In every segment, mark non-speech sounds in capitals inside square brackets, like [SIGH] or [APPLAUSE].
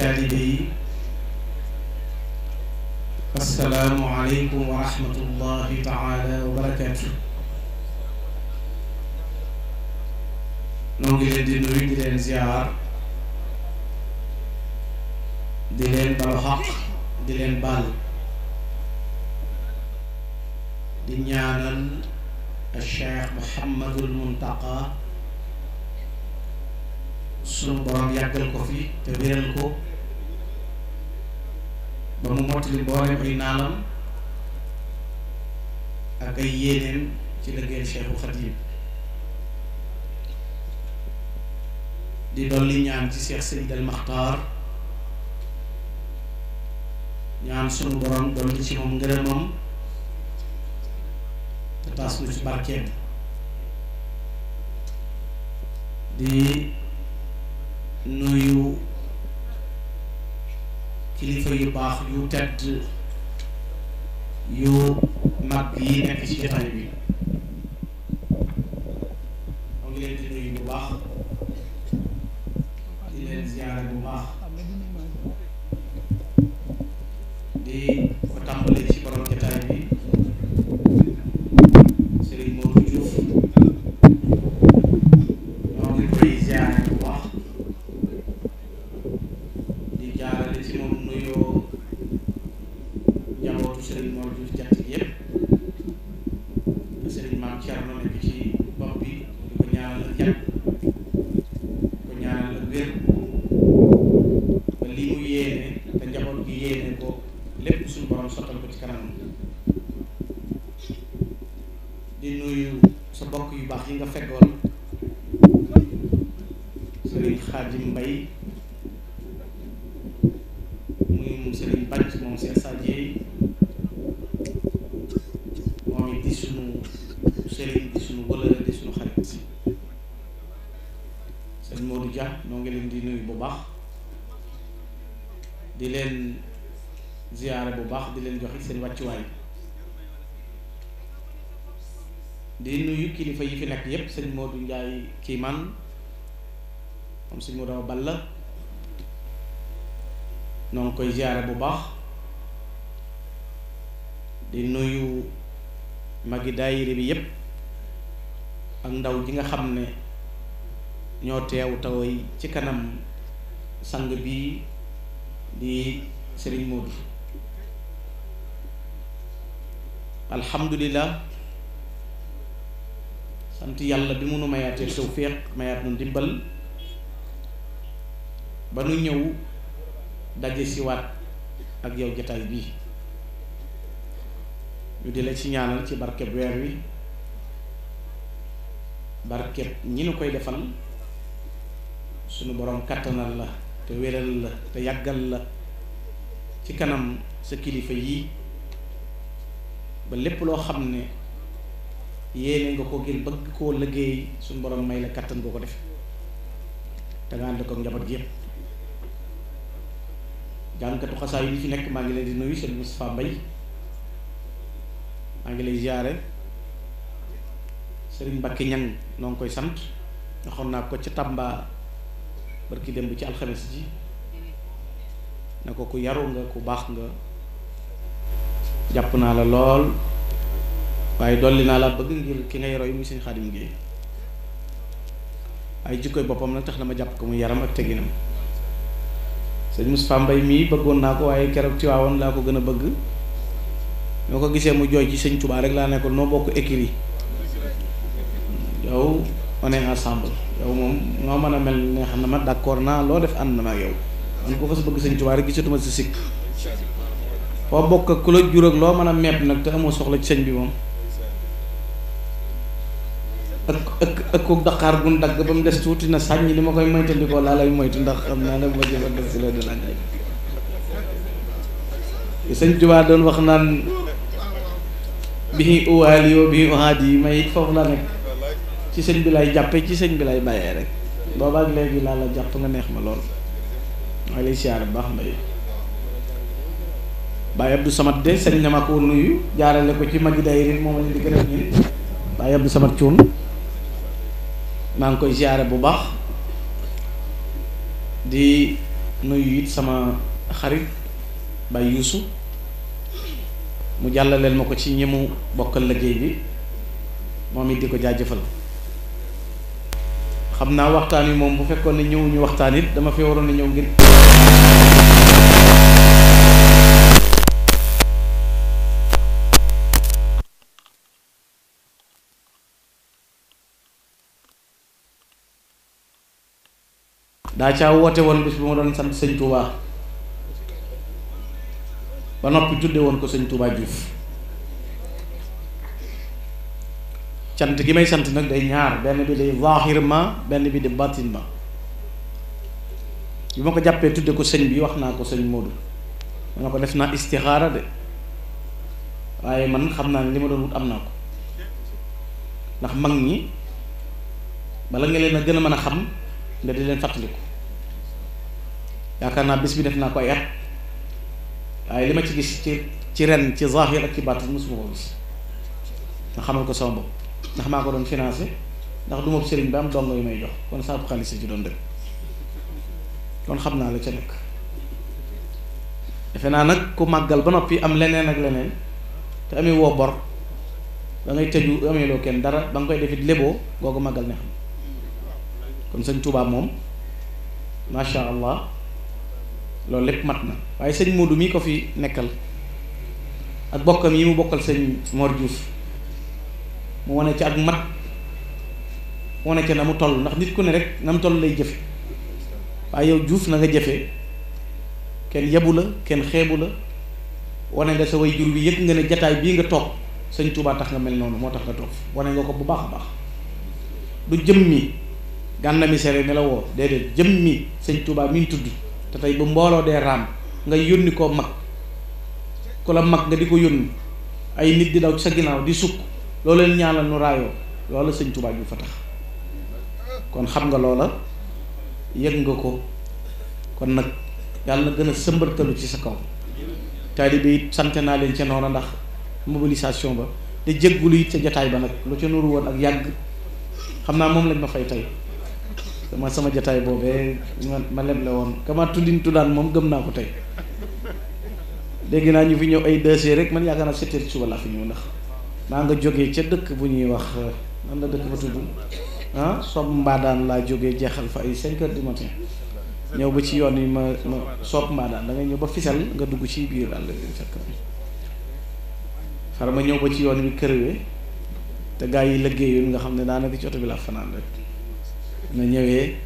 الطالبي السلام عليكم ورحمة الله تعالى وبركاته نوغي لدي نوري دي لين زيار دي لين بالحق دي لين بال دي نيانل الشيخ محمد المنتقى سنو برام يأكل كوفي تبيرل كوفي ba mu li mboolem ay naalam ak ay yéeneen ci liggéey Cheikhul Khadim di dolli ñaan ci Cheikh Seydi Al Maxtaar ñaan sunu borom dolli ci moom ngërëmam te tas nu ci barkeem di yu tedd yu mag yi nekk ci jotaay bi mu ngi leen di nuyu bu baax di leen di seen wàccuwaay di nuyu kilifa yi fi nekk yépp sëñ Modou kii man moom sëñ Modou Awa Balla noo ngi koy ziyaare bu baax di nuyu magi daayire yépp ak ndaw ji nga xam ne ñoo teew yi ci kanam sang bii di sëriñ Modou alhamdulillah sant yalla bi munu mayate tawfiq mayat nu dimbal ba nu dajé ci wat ak yow jotaay bi ñu di la ci ñaanal ci barké weer wi barké ñi nu koy defal suñu borom katanal la te wéral la te yagal la ci kanam sa kilifa yi ba lépp loo xam ne yéene nga ko gën bëgg koo liggéey suñu borom may la kattan boo ko def da nga ànd ko njaboot gi yëpp jàngkatu xasaa yi fi nekk maa ngi leen di nuyu seen Moustapha Mbaye maa ngi lay ziare Serigne Mbacke Niang noo ngi koy sant waxoon naa ko ci Tamba barki démb ci alxames ji na ko ku yaru nga ku baax nga jàpp naa la lool waaye dolli naa laa bëgg ngir ki ngay roy muy sëñ Xaadim Géey ay jikkoy boppam nag tax na ma jàpp ko mu yaram ak teginam sëñ Moustapha Mbay mii bëggoon naa ko waaye keroog Tiwaawoon laa ko gën a bëgg ñoo ko gisee mu jooy ci sëñ Tuubaa rek laa nekkoon noo bokk écrit yow on ensemble yow moom noo mën a mel ne xam ne ma d'accord naa loo def ànd na ma ak yow man ko fas bëgg sëñ Tuubaa rek gisatuma si sikk foo bokk ku la jur loo mën a mepp nag te soxla ci sëñ bi moom ëkk ëkku daqaar gun dagg ba mu des tuuti na sàññ li ma koy moytandikoo laa lay moytu ndax xam naa ne ma jëfa def si la dina ngay wax naan bi yi may it foofu ci sëñ bi lay jàppe ci sëñ bi lay bàyyee rek boobaak léegi laa la jàpp nga neex ma lool maa lay siyaar baax mbay Baye Abdou Samad de sëñ na ma koo nuyu jaarale ko ci magi dayrin moom lañ di gërëm ñin Baye Abdou Cuun maa ngi koy ziare bu baax di nuyu it sama xarit Baye Youssou mu jàllaleel ma ko ci ñi mu bokkal liggéey bi moom it di ko jaajëfal xam naa waxtaan wi moom bu fekkoon ne ñëw ñu waxtaan it dama fee waroon a ñëw ngir da ca wote won bis bu mo don sant seigne Touba ba nopi tudde won ko seigne Touba Diouf cant gi may sant nak day ñaar ben bi day zahirma ma bi di batin bi mako jappé tudde ko seigne bi waxna ko seigne Modou ma ko def naa de waye man xamna naa ma doon wut am ko ndax mag ni bala nga leena gëna mëna xam nga di leen fàttaliku yaakaar naa bis bi def naa ko ay at waaye li ma ci gis ci ci ren ci zahir ak ci baat mosuma ko gis nga xamal ko sama ndax maa ko doon financé ndax du ma sëriñ bi am dongo yu may jox kon saabu xaalis ci doon dem kon xam naa la ca nekk defe naa nag ku màggal ba noppi am leneen ak leneen te amee woo bor da ngay tëju amee loo kenn dara ba nga koy defit léboo googu màggal ne xam kon sëñ Tuubaa moom macha allah loolu lépp mat na waaye sëñ Modou mii ko fi nekkal ak bokkam yi mu bokkal sëñ Mor Diouf mu wane ci ak mat wane ca na mu toll ndax nit ku ne rek na mu toll lay jëfe waaye yow Diouf na nga jëfee kenn yebu la kenn xeebu la wane nga sa way jur bi yëg nga ne jataay bii nga toog sëñ Touba tax nga mel noonu moo tax nga toog wane nga ko bu baax a baax lu jëm mi gànna mi sere ne la woo jëm mi sëñ Touba mi ngi tudd te tey bu mbooloo dee raam nga yónni koo mag ku la mag nga di ko yónni ay nit di daw ci sa ginnaaw di sukk loolu leen ñaanal nu raayoo loola sëñ Tuubaa bi fa tax kon xam nga loola yëg nga ko kon nag yàlla na gën a sëmbartalu ci sa kaw taalibe it sant naa leen ca noona ndax mobilisation ba te jéggulu it ca jataay ba nag lu ca nuru woon ak yàgg xam naa moom lañ ma fay tey man sama jataay boobee ma leb la woon kama tuddin tuddaan moom gëm naa ko tey léegi naa ñu fi ñëw ay deux rek man yaakaar naa sept heures suba laa fi ñëw ndax maa nga jógee ca dëkk bu ñuy wax nan la dëkk ba tudd ah sob mbaadaan laa jóge jeexal fa ay cinq heures du matin ñëw ba ci yoon yi ma ma sopp mbaadaan da nga ñëw ba fisal nga dugg ci biir àll bi fekk far ma ñëw ba ci yoon bi kërwee te gaa yi liggéeyul nga xam ne daanaka ci oto bi laa fanaan na ñëwee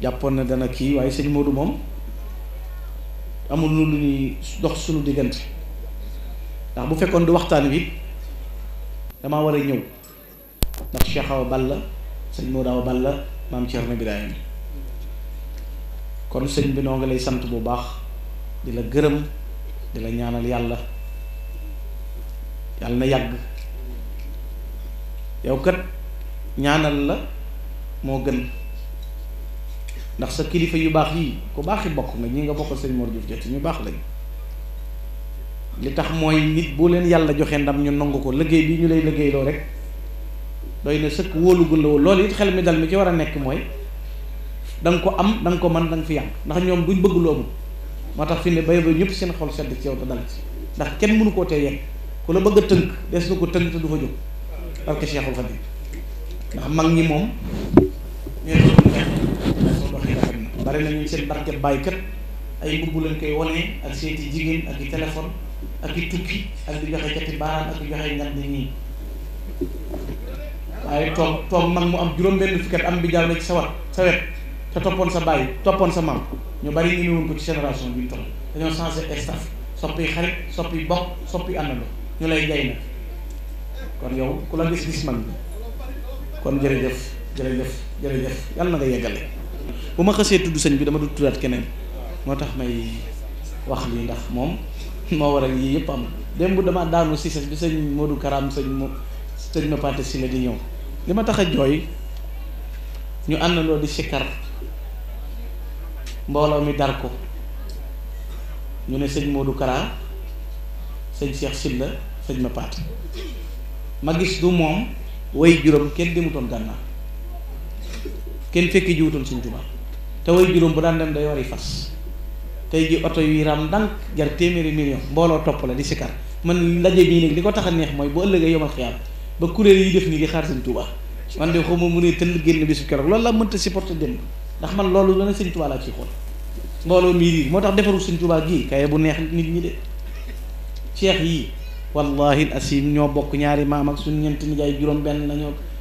jàppoon na dana kii waaye sëñ Modou moom amul lu ñuy dox suñu diggante ndax bu fekkoon du waxtaan wi damaa war a ñëw ndax Cheikh Awa Balla sëñ Modou Awa la maam Thierno Birahim kon sëñ bi noo ngi lay sant bu baax di la gërëm di la ñaanal yàlla yàlla na yàgg yow kat ñaanal la moo gën ndax sa kilifa yu baax yii ku baaxi bokk nga ñi nga bokk sëñ Mor Diouf Diatty ñu baax lañ li tax mooy nit boo leen yàlla joxe ndam ñu nangu ko liggéey bi ñu lay liggéeyloo rek doy na sëkk wóolu gën la woon loolu it xel mi dal mi ci war a nekk mooy da ko am da ko mën da fi yàq ndax ñoom duñ bëgg lu amul moo tax fi ne bay ba ñëpp seen xol sedd ci yow te dal ci ndax kenn mënu koo tee yegg ku la bëgg tënk des na ko tënk te du fa nee na mu neex moom bari na seen barke baykat ay mbubb lañ koy wane ak seeti jigéen ak téléphone ak i tukki ak di joxe cati baaraam ak di joxe ñan nit ñi waaye toog toog mag mu am juróom-benn fukki am bi jaaw ci sa wat sa wet te toppoon sa bàyyi toppoon sa ñu bari ñu ko ci génération bi toll dañoo changé soppi xarit soppi bokk soppi ñu lay jay na kon yow ku la gis gis man kon jërëjëf jërëjëf jërëjëf yàlla na nga yeggale bu ma xasee tudd sëñ bi dama du tuddaat keneen moo tax may wax lii ndax moom moo waral yii yëpp am démb dama daanu si bi sëñ Modou Karam sëñ mo sëñ ma Paate si di ñëw li tax a jooy ñu àndandoo di sikkar mbooloo mi dar ko ñu ne sëñ Modou Kara sëñ Cheikh Sylla sëñ ma Paate ma gis du moom way juróom kenn demutoon gànnaaw kenn fekki jiwutoon sëñ Tuubaa te way juróom bu daan dem day wari fas tey ji oto yuy raam ndànk jar téeméeri million mbooloo topp la di si kar man laje bii nag li ko tax a neex mooy bu ëllëgee yomal xiyaam ba kuréel yi def nii di xaar sëñ tubaa man de xaw ma mu ne tënk génn bisu keroog loolu la mënta supporté dem ndax man loolu lana sëñ Tuubaa laa ciy xool mbooloo mii moo tax defarul sëñ tubaa gii kaye bu neex nit ñi de cheikh yii wallahi asim ñoo bokk ñaari maam ak suñ ñeenti nijaay juróom benn la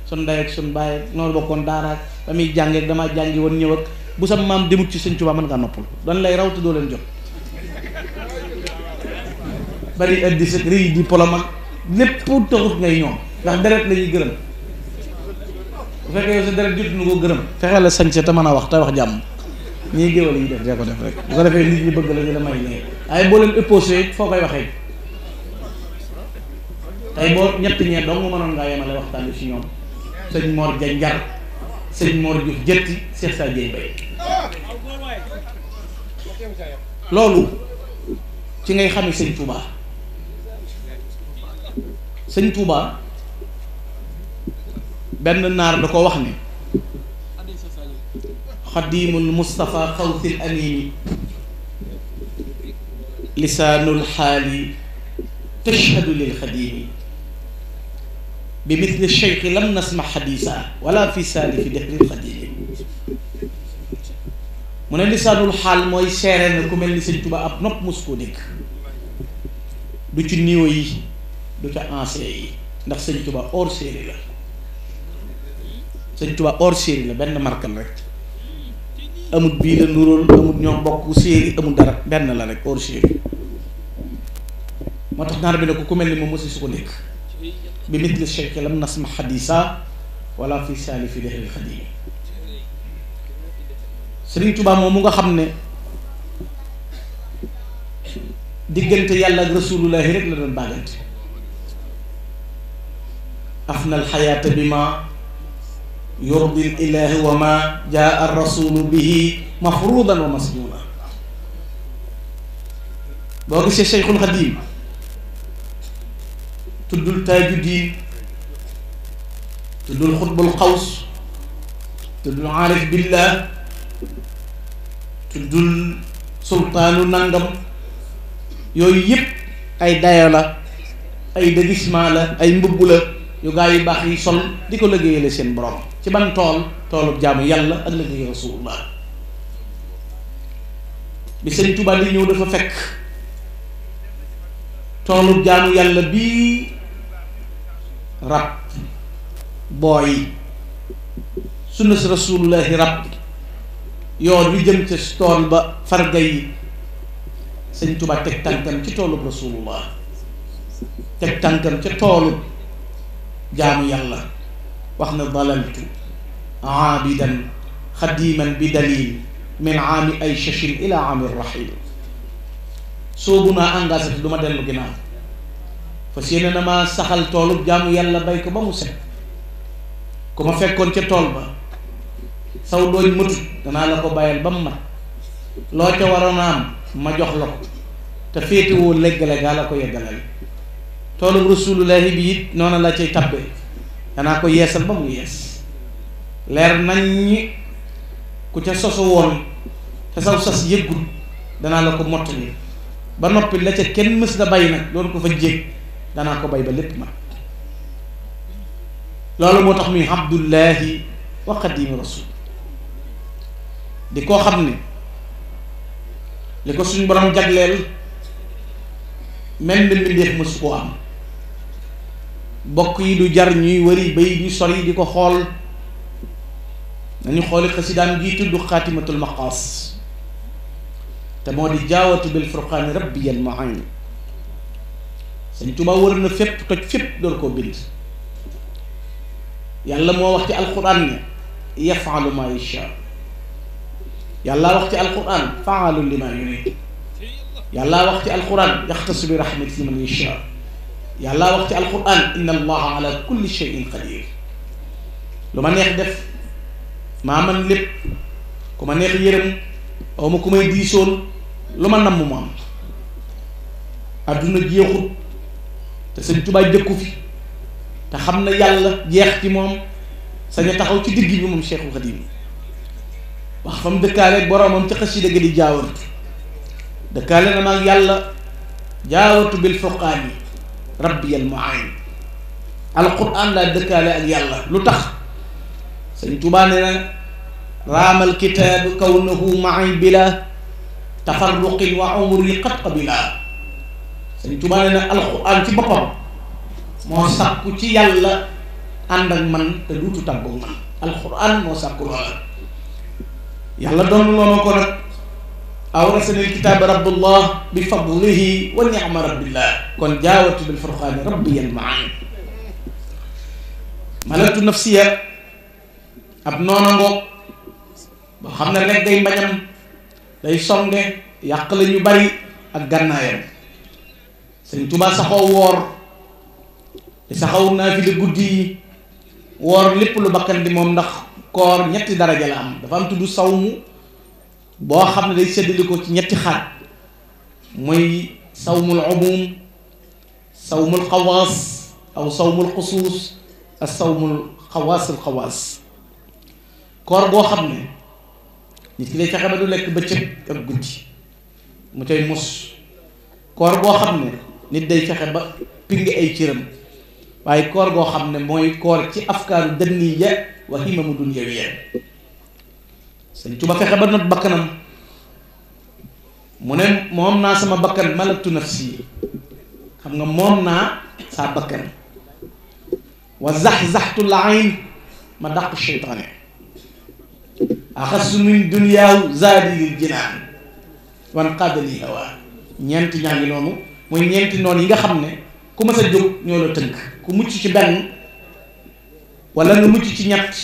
sun ndey ak sun baay ak noonu bokkoon daaraak ba muy jàngee ak damaa jàngi woon ñëw ak bu sa maam demut ci sëñ Tuubaa mën ngaa noppal dañ lay raw te doo leen jot bari addi sa rëy di poloma lépp taxut ngay ñoom ndax deret la ñuy gërëm bu fekkee yow sa deret jot nu ko gërëm fexe la sañse te mën a wax te wax jàmm ñii géwal yi def dee ko def rek bu ko defee nit ñi bëgg la ñu la may nee waaye boo leen opposé foo koy waxee tey boo ñett ñee dong mënoon ngaa yemale waxtaan bi si ñoom سيد مور جنجر سيد مور جوف جتي شيخ سادي باي لولو تي غاي خامي سيد توبا سيد توبا بن نار داكو واخني قديم المصطفى قوث الامين لسان الحال تشهد للخديم بمثل الشيخ لم نسمع حديثا ولا في سالف dexri xadimi mu ne lisaanul xaal mooy seere na ku mel ni sëñ Tuba ab nopp mos koo dégg du ci niveau yi du ca ancien yi ndax sëñ Tuba hors série la sëñ Tuba hors série la benn markal rek amut bii la nuróol amut ñoom bokk série amut dara benn la rek hors série moo tax naar bi ne ko ku mel ni moom mosi su ko dégg بمثل الشركة لم نسمع حديثا ولا في سالف دهر الخديم سرين توبا مومو خمنا ديغنت يالا رسول الله رك لا باغنت افنا الحياه بما يرضي الاله وما جاء الرسول به مفروضا ومسجونا بوغ شيخ الخديم tuddul taaju diin tuddul xutbul xaws tuddul aarif billah tuddul sultaanu nangam yooyu yëpp ay dayo la ay déguisement la ay mbubb la yu gaa yu baax yi sol di ko liggéeyale seen borom ci ban tool toolub jaamu yàlla ak liggéey rasulullah bi sëñ Tuubaa di ñëw dafa fekk toolub jaamu yàlla bii rab booy sunna si rasulullahi rab yoon wi jëm ca tool ba farga sëñ Tuba teg tànkam ci toolub rasulullah teg tànkam ca toolub jaamu yàlla wax na dalaltu aabidan xadiman bi dalil min aami ay shashin ila aami rahil soobu naa du ma dellu ginnaaw parce que yéene na maa saxal toolu jàmm yàlla bay ko ba mu set ku ma fekkoon ca tool ba saw dooñ mëtut danaa la ko bàyyal ba mu mat loo ca waroon a am ma jox la ko te féetewoo leggale gaa la ko yeggalal toolu rasulullahi bi it noonu la cay tabbee danaa ko yeesal ba mu yees leer nañ ñi ku ca soso woon te saw sas yëggul danaa la ko mottali ba noppi la ca kenn mës la bay nag doon ko fa jéeg dana ko bay ba ma man loolu moo wa qadim rasul di ko xam ne ko suñu borom jaglel mel ni mbindeef mësu koo am bokk du jar ñuy wëri bay ñu sori di ko xool nañu xooli kasidan gi tuddu khatimatul maqas ta modi jawatu bil furqan rabbiyal maani sëñ Tuba wër na fépp toj fépp door koo bind yàlla moo wax ci alquran ne yafalu ma yasha yàlla wax ci alquran faalu lima yurid yàlla wax ci alquran yaxtasu bi rahmati man yasha yàlla wax ci alquran inna allaha ala kulli shayin qadir lu ma neex def maa man lépp ku ma neex yërëm aw ma ku may diisoon lu ma namm mu am adduna jeexut te sëñ Tuubaa jëkku fi te xam na yàlla jeex ci moom sañ a taxaw ci digg bi moom Cheikhul Xadim wax fa mu dëkkaale boromam ci xasida gi di jaawartu dëkkaale na maag yàlla jaawartu bil foqaani rabbi al muayin alquran laa dëkkaale ak yàlla lu tax sëñ Tuubaa nee na raamal kitaabu kawnahu maay bila tafarruqin wa umri qad qabila sëñ Tuubaa nee na alxuraan ah, ci bopam mo sakku ci yalla and ak man te dutu tàggoog man alquran mo sakku yalla don lo mako nak ko nag kitab rabbullah bi fadlihi wa ni'ma rabbillah kon jawatu bil furqaani rabbiyan maan malatu nafsiya ab nono ngo boo xam rek day mbagnam day songé yak la ñu bari ak gannaayam sëñ Tuubaa saxoo woor di saxaw naafile guddi yi woor lépp lu bakkan di moom ndax koor ñetti daraja la am dafa am tudd mu boo xam ne day séddali ko ci ñetti xaaj mooy sawmul saw mu xawaas aw sawmul xusuus ak sawmul xawaasul xawaas koor boo xam ne nit ki day fexe ba du lekk bëccëg ak guddi mu cay mos koor boo xam ne nit day fexé ba pingé ay ciirëm waye koor go xamné moy koor ci afkaaru dënniya wa himamu dunyawiya señ Tuba fexé ba not bakkanam mune mom na sama bakkan malatu nafsi xam nga mom na sa bakkan wa zahzahtu al-ayn ma shaytan min dunyaw zadi lil jinan wan qaadali hawa ñent ñangi nonu moy ñent non yi nga xamne ku mas a jóg ñoo la teunk ku mucc ci ben wala nga mucc ci ñatt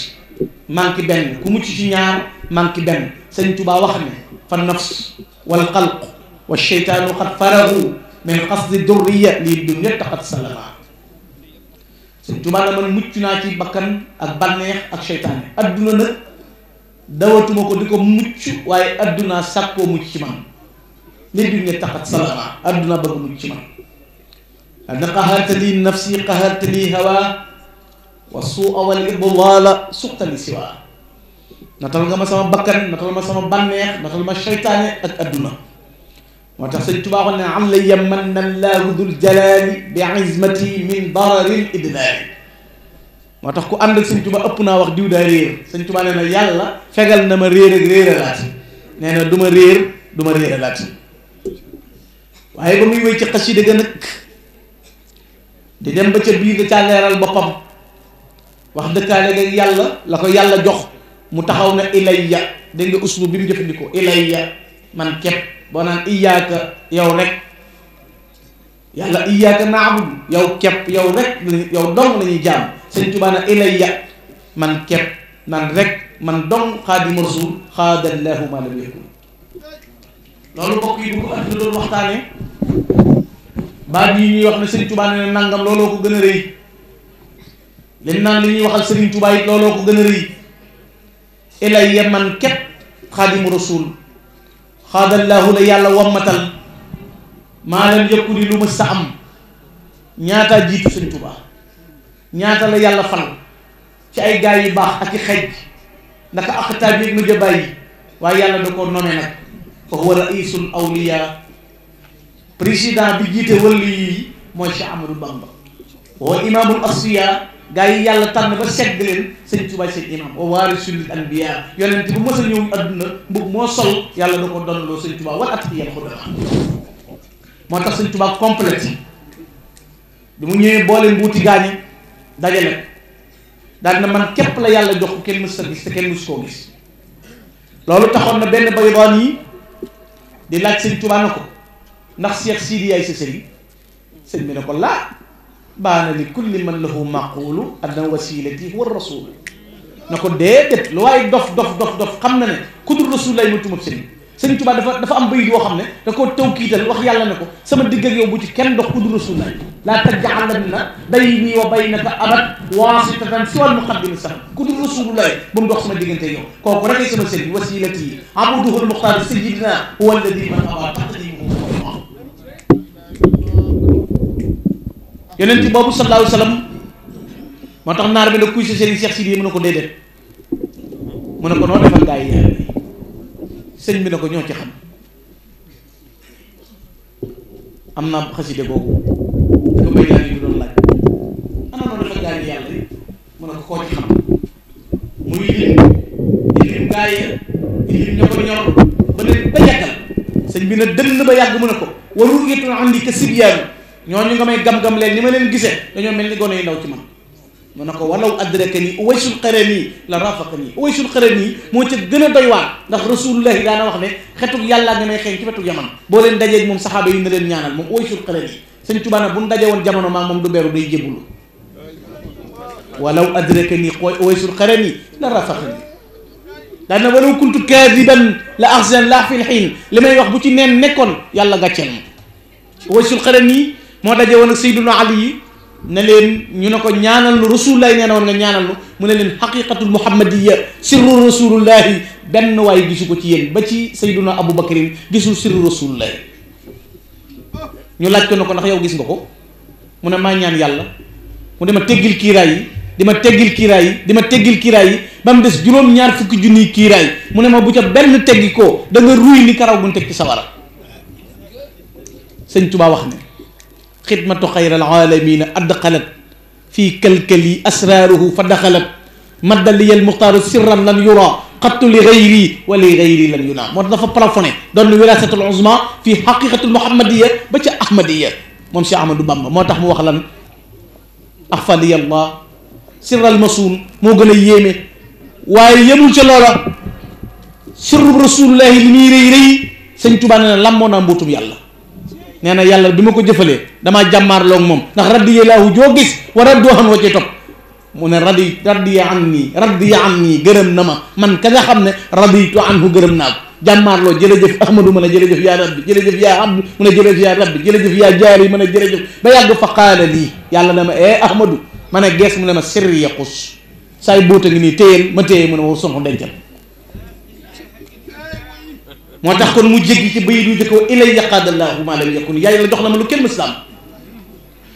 manki ben ku mucc ci ñaar manki ben sëñ Tuubaa wax ne fa nafs wal qalq wal shaytan qad faragu min qasdi durriya li dunya taqad salama sëñ Tuubaa na man mucc na ci bakkan ak banex ak shaytan aduna nag dawatuma ko diko mucc waye aduna sàkkoo mucc ci man ليه الدنيا صلاة أدنى بقوم الجمع أنا قهرت لي نفسي قهرت لي هوا والسوء والإضلال سقط لي سوا نتلو ما سما بكر نتلو ما سما بنيخ نتلو ما شيطان أدنى وتحصل أن عل يمن الله ذو الجلال بعزمتي من ضرر الإدلال ما tax ku سن ak أبنا وقديو دارير سن wax diw يلا réer sëñ غير لاتي نحن دمرير دمرير لاتي waaye ba muy wéy ci xasida ga nag di dem ba ca biir ca leeral boppam wax dëkkaale ga yàlla la ko yàlla jox mu taxaw na ilayya dégg nga uslu bi mu jëfandikoo ilayya man képp boo naan iyaaka yow rek yàlla iyaaka naabud yow képp yow rek yow dong la ñuy jaam sëñ Tuubaa na ilayya man képp man rek man dong xaadimu rasul xaadallahu ma lam yakun loolu mbokk yi bu ko doon waxtaane baat yi ñuy wax ne Serigne Touba ne nangam looloo ko gën a rëy liñ naan li ñuy waxal Serigne Touba it looloo ko gën a rëy ilay yaman képp xaadimu rasul xaadallaahu la yàlla wammatal maa leen yëkku ni lu ma sa am ñaata jiitu Serigne Touba ñaata la yàlla fal ci ay gaay yu baax ak i xej naka ak taaj yëg ma jëbaay yi waaye yàlla da ko nag fa huwa raisul awliya président bi jiite wëlli yi mooy Cheikh Amadou Bamba wa imaamul asfiya gaa yi yàlla tànn ba segg leen sëñ Tuubaa seen imaam wa waarisul anbiya yonent bu mës a ñëw aduna mbub moo sol yàlla da ko donnaloo sëñ Tuubaa wal at yàlla ko moo tax sañ Tuubaa complète bi mu ñëwee boole mbuuti gaañi dajale daal na man képp la yàlla jox kenn mës a gis te kenn mës koo gis loolu taxoon na benn baybaan yi di laaj sëñ Tuubaa na ko ndax Cheikh Sidi yaay sa sëriñ sëñ bi ne ko laa baana li kulli man lahu maqulu adna wasilati wa rasul na ko déedéet lu waaye dof dof dof dof xam na ne ku dul rasul lay mu tumab sëriñ Sëriñ Tuubaa dafa dafa am bayit woo xam ne da koo tawkiital wax yàlla ne ko sama digg ak bu ci kenn dox kudu rasulna laa taj'alanna bayni wa baynaka abad waasitatan siwal muqaddimi sax kudu rasulullah bu mu dox sama diggante yow kooku rek sama sëriñ wasilati abduhu al-muxtaar sayyidina huwa alladi man abaa taqdimuhu yonent boobu sallallahu alayhi wa sallam moo tax naar bi la kuy sa sëriñ Cheikh Sidi mën na ko déedéet mën na ko noo defal gaa yi sëñ bi na ko ñoo ci xam am naa xaside boobu da ko may laaj bi laaj ana ma dafa gaañ yàlla yi mu ne ko koo ci xam muy lim di lim gaa yi di lim ña ko ñor ba ne ba yàggal sëñ bi na dem na ba yàgg mu ne ko warul yëpp na andi ka sibiyaaru ñooñu nga may gam-gam leen ni ma leen gisee dañoo mel ni gone yu ndaw ci man manako walaw adrakani uwaysul qarani la rafaqani uwaysul qarani mo ci gëna doy waar ndax rasulullah da na wax ne xetuk yalla ne may xey ci wetu yaman boo leen dajeeg mom sahaba yi na len ñaanal mom uwaysul qarani sëñ Tuubaa na bu ñu daje woon jamono ma mom du beru day jébulu walaw adrakani uwaysul qarani la rafaqani da na walaw kuntu kadiban la ahzan la fi alhin limay wax bu ci neen nekkon yàlla gatchal ma uwaysul qarani moo daje woon ak sayyiduna ali ne leen ñu ne ko ñaanal nu rasulullahi nee na woon nga ñaanal nu mu ne leen xaqiqatul muhammadiya sirru rasulullahi benn waaye gisu ko ci yéen ba ci sayduna abou bakarin gisul sirru rasulullahi ñu laaj ko ne ko ndax yow gis nga ko mu ne ma ñaan yàlla mu dama teggil kiiraay yi dima teggil kiiraay yi dima teggil kiiraay yi ba mu des juróom-ñaar fukki junniy kiiraay mu ne ma bu ca benn teggi ko da nga ruy ni karaw bu ñu teg ci sawara sëñ Tuubaa wax ne خدمة خير العالمين أدخلت في كلكلي أسراره فدخلت مد لي المختار سرا لن يرى قط لغيري ولغيري لن ينام مرد فبرافوني دون الولاسة العظمى في حقيقة المحمدية بجي أحمدية ممشي أحمد بامبا ما موخلا وخلن أخفى لي الله سر المصون موغل يمي واي يمو جلالة سر رسول الله الميري ري سنتبانا لمونا بوتم يالله nee na yàlla bi ma ko jëfalee damaa jàmmaarloo ak moom ndax raddiya laahu joo gis wa raddoo xam wa ci topp mu ne radi raddiya an nii raddiya an nii gërëm na ma man ka nga xam ne raditu anhu gërëm naa ko jàmmaarloo jëf ahmadu ma ne jërëjëf yaa rabbi jërëjëf yaa abdu mu ne jërëjëf yaa rabbi jërëjëf yaa jaari ma ne jërëjëf ba yàgg fa qaala lii yàlla ne ma eh ahmadu ma ne gees mu ne ma sirri yaqus saay bóota ngi nii téyel ma téye mu ne wa sonxu dencal moo tax kon mu jéggi ci bayit yu jëkk ilay yaqaadallahu ma lam yakun yaa yàlla jox na ma lu kenn mës la am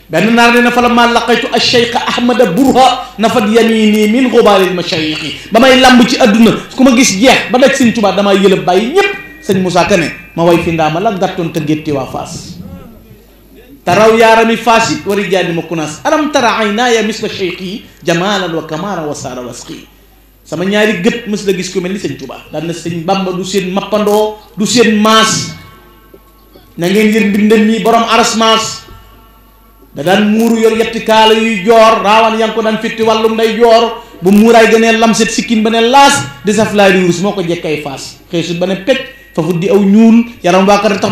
benn naar ne na fa la ma laqaytu acheikha ahmada burha nafat yamini min xubaaril mashayixi ba may làmb ci adduna ku ma gis jeex ba daj sëñ Tuubaa damaa yëlëb bàyyi ñépp sëñ Moussa Kane ma way fi ndaama la gàttoon te gétti waa faas taraw yaarami faas it wari jaani ma kunaas alam tara aynaaya misla cheikhi jamaalan wa kamaalan wa saara wasqi sama ñaari get mës la gis ku mel ni sëñ tuba na sëñ bamba du seen mappandoo du seen maas na ngeen yër mbindam yi borom aras mas da daan muuru yor rawan yang ko dan fitti walum day joor bu muuraay ga ne lamset sikkin ba ne laas di saf laari wurus moo ko jekkay faas xeesut ba ne pecc fa aw ñuul yaram tax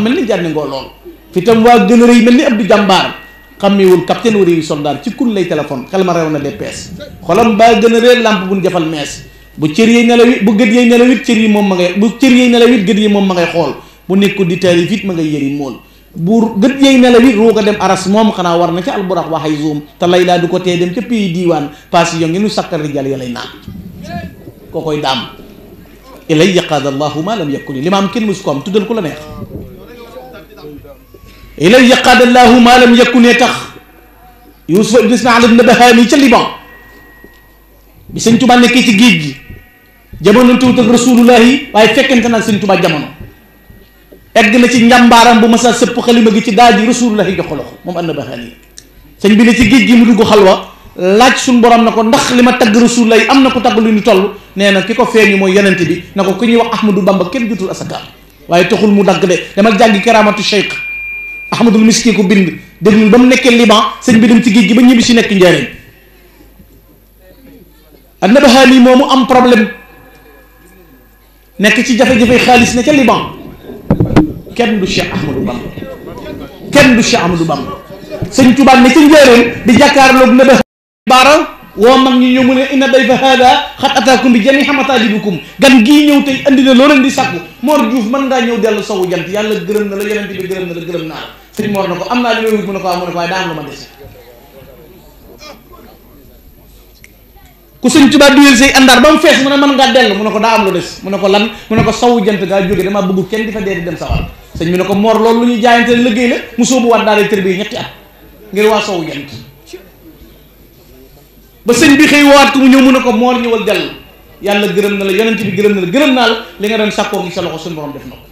fitam wa gën a xam capitaine wari yu soldaar ci kun lay téléphone xel ma rew na DPS xolam baa gën a réer làmp bu ñu jafal mees bu cër yi nelaw it bu gët yi nelaw cër yi moom ma ngay bu cër yi nelaw yi moom ma ngay xool bu nekkul di taalif it ma ngay yëri mool bu gët yey nelaw it ruu ko dem aras moom xanaa war na ca alburax waxay zoom te lay laa du ko tee dem ca pays diiwaan paas yo ngi nu sakkal rijal ya lay naan koo koy daam ilay yaqaada allahu ma lam yakuni li ma am kenn musu ko am tuddal ku la neex ilay yaqaadallaahu maa lam yakune tax yusufa ibn ismail ibn bahaami ca liban bi sëñ tubaa nekkee ci géej gi jamono tuut ak rasulullahi waaye fekkente naa sëñ tubaa jamono egg na ci njàmbaaram bu masa sëpp xalima gi ci daal di rasulullahi jox ko loxo moom anna bahaami sëñ bi ne ci géej gi mu dugg xalwa laaj suñu borom na ko ndax li ma tagg rasulullahi am na ko tagg lu ñu toll nee na ki ko feeñu mooy yenente bi na ko ku ñuy wax ahmadou bamba kenn jotul asakaar waaye taxul mu dagg de demal jàngi karaamatu ahmadul miski ko bind dégg ba mu nekkee liban sëñ bi dem ci géej gi ba ñibbi si nekk njaareem annabahaani moomu am problème nekk ci jafe-jafe xaalis ne ca liban kenn du Cheikh Ahmadou Bamba kenn du Cheikh Ahmadou Bamba sëñ Tuubaa ne ca njaareem di jàkkaarloog nabahaani baara woo mag ñi ñëw mu ne inna dayfa haada xat ataakum di jami xamataalibukum gan gii ñëw tey andi na loo leen di sàkku Mor Diouf mën ngaa ñëw dellu sowu jant yàlla gërëm na la yonent bi gërëm na la gërëm naa la sëñ Mor na ko am naa li may wut mu ne ko waaw ah, mu ne ko waaye daa am ku sëñ Tuubaa duyel say àndaar ba mu fees mu ne mën ngaa dellu mu ne ko daa am lu des mu ne ko lan mu ne ko sowu jant ngaa jóge damaa bëgg kenn di fa dee di dem sawal sëñ bi ne ko moor loolu lu ñu jaayante liggéey la mu sóobu waat daal tër bi ñetti at ngir waa sowu jant ba señ bi xey waat ko mu ñew mu ne ko moor ñëwal del yàlla gërëm na la yonent bi gërëm na la gërëm naa la li nga doon sàkkoo ngi sa loxo suñu borom def na ko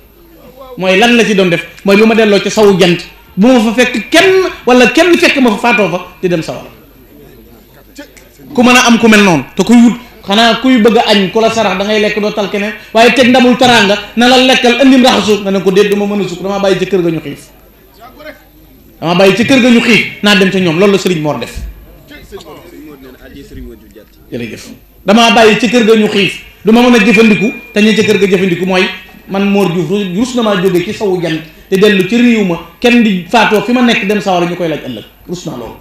mooy lan la ci doon def mooy lu ma delloo sawu jant bu ma fa fekk kenn wala kenn fekk ma fa faatoo fa di dem sawal ku mën a am ku mel noonu te kuy wut xanaa kuy bëgg a añ ku la sarax da ngay lekk doo tal keneen waaye teg ndamul taranga na la lekkal andim raxasu nga ne ko déet duma mën a dama bàyyi ci kër ga ñu xiif dama bàyyi ci kër ga ñu xiif naa dem ca ñoom loolu la sëriñ moor def jërëjëf damaa bàyyi ci kër ga ñu xiif du mën a jëfandiku te ñu ci kër ga jëfandiku mooy man moor Diouf rus na maa jóge ci sawu jant te dellu ci réew ma kenn di faatoo fi ma nekk dem sawara ñu koy laaj ëllëg rus naa loolu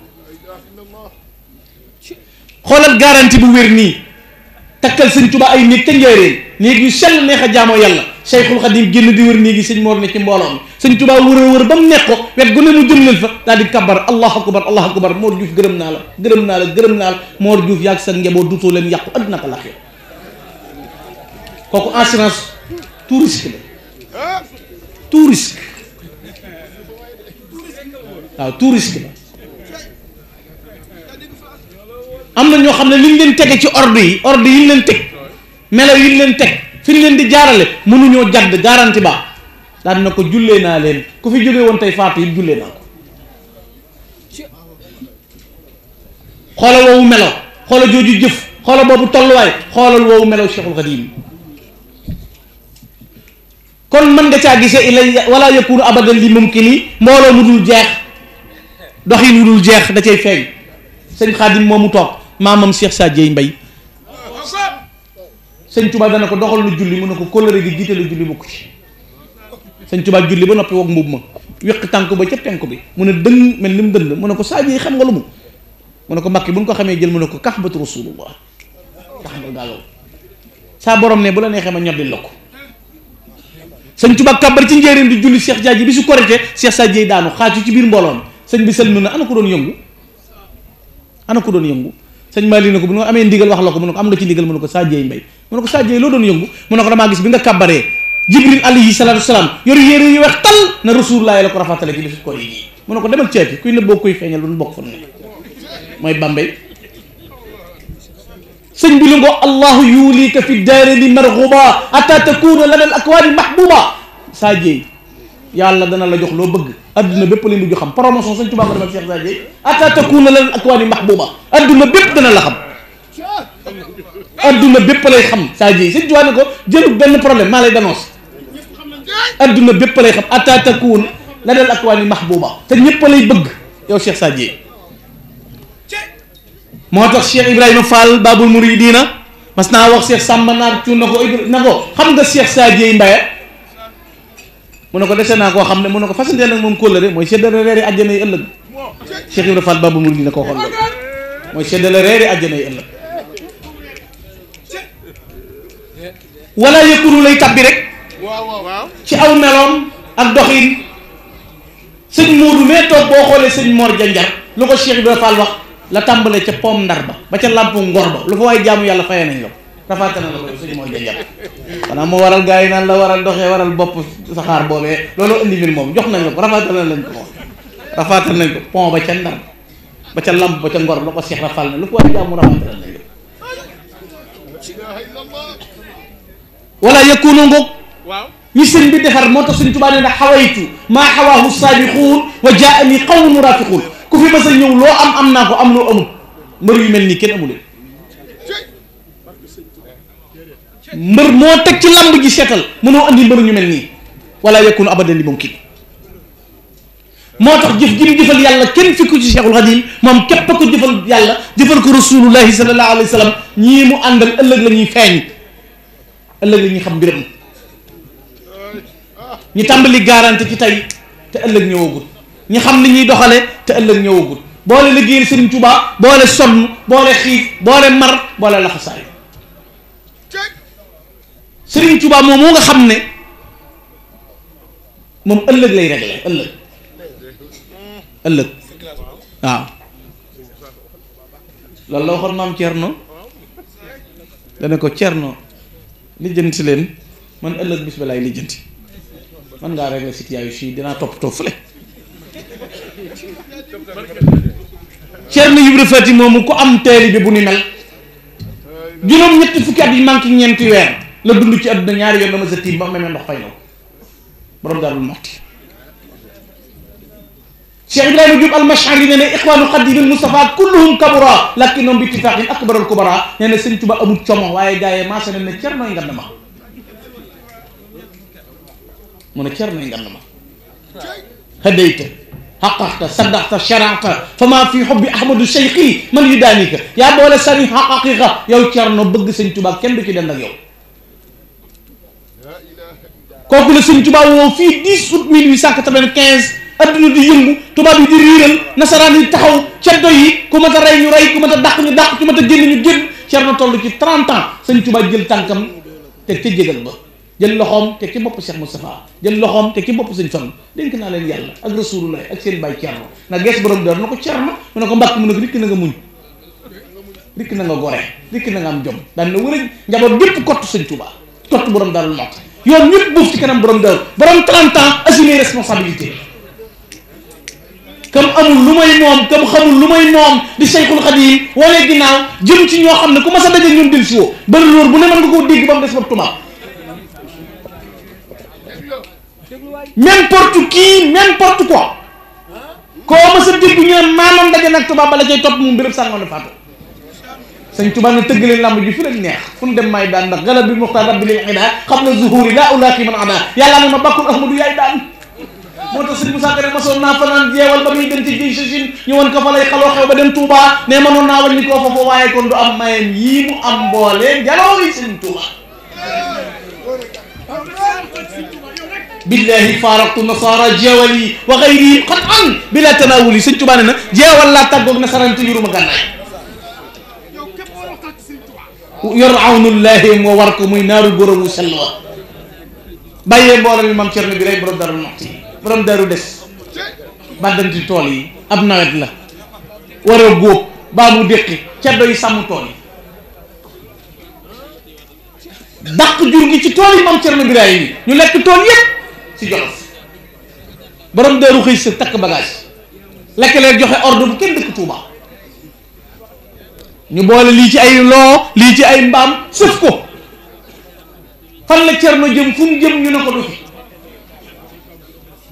xoolal garanti bu wér nii takkal sëñ Tuubaa ay néeg ca njëriñ néeg yu sell neex a jaamoo yàlla Cheikhul Khadim génn di wër néegi sëñ Mor ne ci mbooloo mi sëñ Tuubaa wër wër ba mu nekk ko wet gu mu jëmlal fa daal kabar allahu akbar allahu akbar Mor Diouf gërëm naa la gërëm naa la gërëm naa la Mor Diouf yaag seen duutoo leen yàqu adduna ko laxee kooku assurance tout risque la tout waaw tout risque la am na ñoo xam ne li ñu leen tege ci ordre yi ordre yi ñu leen teg melo yi ñu leen teg fi leen di jaarale mënuñoo jadd garanti ba daan na ko jullee naa leen ku fi jóge woon tey faatu yi jullee naa ko xoolal woowu melo xoolal jooju jëf xoolal boobu tolluwaay xoolal woowu melo Cheikhul Xadim kon man nga caa gisee ilay wala yakunu abadan li mumkini mbooloo mu dul jeex doxin dul jeex da cay feeñ sëñ Xadim moomu toog maamam Cheikh Sadio Mbaye sen Tuba dana ko doxal lu julli mu ne ko kóllëre gi jité lu julli bokk ci sëñ Tuba julli ba nopi wog mbub ma wéq tànk ba ci penk bi mu ne dëng mel ni mu dënd mu ne ko saaji xam nga lu mu mu ne ko makki buñ ko xamé jël mu ne ko kahbatu rasulullah tax nga gaagaw sa borom ne bu la nexé ma ñoddil lako ko Tuba kabar ci njëriñ di julli Cheikh jaji bi su korité Cheikh Sadji daanu xaaju ci bir mbolom mi bi sëlmi na ana ko doon yëngu ana ko doon yëngu sëñ Mali ne ko bu ñu amee ndigal wax la mu ne ko am ci ndigal mu ne ko Sadji Mbay mu ne ko Sadio loo doon yëngu mu a ko damaa gis bi nga kàbbaree jibril alayhi salaatu salaam yor yére yu weex tal na rasulullah la ko rafatale ci bisu koor yi nii mu ne ko demal ceeti kuy nëbboo kuy feeñal lu nu bokk fan ne mooy Bambey sëñ bi lu ngo allahu yuulika fi daarini marghuba ata takuna lana al akwaani mahbuba Sadio yàlla dana la jox loo bëgg adduna bépp leen di xam promotion sëñ Tuubaa ko demal Cheikh Sadio ata takuna lana al akwaani mahbuba adduna bépp dana la xam adduna bépp lay xam saa ji sëñ Tuubaa ne ko jëlu benn problème maa lay dénonce adduna bépp lay xam atta takuun la dal ak waani mahbuba te ñëpp lay bëgg yow Cheikh Sadji moo tax Cheikh Ibrahima Fall Babul Muridina mas naa wax Cheikh Samba naag cuun na ko na ko xam nga Cheikh Sadji Mbaye mu ne ko dese naa koo xam ne mu ne ko fasante nag moom kóllëre mooy seddale reeri àjjana yi ëllëg Cheikh Ibrahima Fall Babul Muridina koo xool mooy seddale wala yekuru lay tabbi rek ci aw melom ak doxine sëñ Modou me toog bo xoolee sëñ Mor Janjar lu ko Cheikh ibrahim Fall wax la tàmbalee ci pom ndarba ba ci lampu ngorba lu fa way jamu yalla fayé nañ la rafaate na la ko Mor Janjar xanaa mo waral gars nan la waral doxé waral bopp saxaar bobé lolo indi bir mom jox nañ la ko na lañ ko nañ ko pom ba ci ndar ba ci lampu ba ci ngor lu ko Cheikh Rafal lu fa way jamu ولا يكونوا بك يسن بي دفر موتا سن توبا نا حويت ما حواه السابقون وجاءني قوم مرافقون كوفي ما نيو لو ام ام كو ام لو ام مر يو ملني كين امولين مر مو تك سي لامب جي سيتال منو اندي مر نيو ملني ولا يكون ابدا لي ممكن موتاخ جيف جيم ديفال يالا كين فيكو سي شيخ الغديل مام كيب كو ديفال يالا ديفال كو رسول الله صلى الله عليه وسلم ني مو اندال الك لا ني فاني ëllëg la xam mbiram ñi tàmbali garantie ci tay te ëllëg ñëwugul ñi xam ni ñuy doxale te ëllëg ñëwagul boole liggéeyal Serigne Touba boole sonn boole xiif boole mar boole laxasaay Serigne Touba moom moo nga xam ne moom ëllëg lay réglé ëllëg ëllëg waaw loolu la waxoon maam Thierno dana ko Thierno lijjanti leen man ëllëg bis ba laay lijjanti man ngaa régler situation yi dinaa toppatoo fële Cerno Ibra Faati moomu ku am teeli bi bu ni mel juróom ñetti fukki at yi manqué ñeenti weer la dundu ci àdduna ñaari yoon dama sa tiim ba amee ndox fay ñëw borom daalul moxti شيخ إبراهيم جوب المشعري نانا إخوان خديم المصطفى كلهم كبراء لكنهم باتفاق أكبر الكبراء نانا سن توبا أمو تشوما واي غاي ما سن نانا تشرنا يغن ما من تشرنا يغن ما هديت حققت صدقت شرعت فما في حب أحمد الشيخي من يدانيك يا بولا سني حقيقة يا تشرنا بغ سن توبا كين دوكي دندك يو كوكو سن توبا وو في 10 août 1895 aduna di yëngu tubaab yi di riiral nasaraan yi taxaw ceddo yi ku mata rey ñu rey ku mata dàq ñu dàq ku mata génn ñu génn cerno toll ci 30 ans sëñ tuba jël tànkam teg ci jégal ba jël loxom teg ci bopp cheikh moustapha jël loxom teg ci bopp sëñ fan denk naa leen yàlla ak rasulullah ak seen bay cerno na gees borom dara na ko cerno mu ne ko mbàkk mu ne ko rikk na nga muñ rikk na nga gore rikk na nga am jom daan na wërëj njaboot bépp kott sëñ tuba kott borom dara mokk yoon ñëpp buuf ci kanam borom dara borom 30 ans assumer responsabilité kam amul lu may moom kam xamul lu may moom di Cheikhul Khadim wane ginnaaw jëm ci ñoo xam ne ku ma sa daje ñun dil siwo bëri loolu bu ne man nga koo dégg ba mu des ba tubaab n'importe qui n'importe quoi koo ma ne maamam daje nag tubaab bala cay topp mu mbirëb sàngoon na faatu sëñ tubaab ne tëgg leen làmb ji fu leen neex fu ñu dem may daan ndax galab bi muxtaar rabbi lil ina xam na zuhuri laa ulaa ki man ana yàlla ne ma bàkkul ahmadu yaay daan moo tax sëñ Moussa Kane masoon naa fanaan jeewal ba muy dem ci jiy sasine ñu wan ko fa lay xaloo xew ba dem Touba ne mënoon naa wañ ni koo foofu waaye kon du am mayem yii mu am mboolee jaloo yi sëñ Touba billahi faaraqtu nasara jeewal yi wa xayri xat an bi la tanawul yi sëñ Touba ne na jeewal laa tàggoog nasaraan te yuruma gànnaay yor awnullahi wa war ko muy naaru boromu selwa bàyyee mbooloo mi mam cerno bi rek borom dara noxti borom daru des ci tool yi ab nawet la war a góob baa mu déqi ceddo yi sàmm tool yi dàq jur gi ci tool yi maam Cerno Biraay yi ñu lekk tool yëpp ci Jolof borom daru xëy sa takk bagage lekk leen joxe ordre bu kenn dëkk Tuuba ñu boole lii ci ay loo lii ci ay mbaam suuf ko fan la Cerno jëm fu mu jëm ñu ne ko du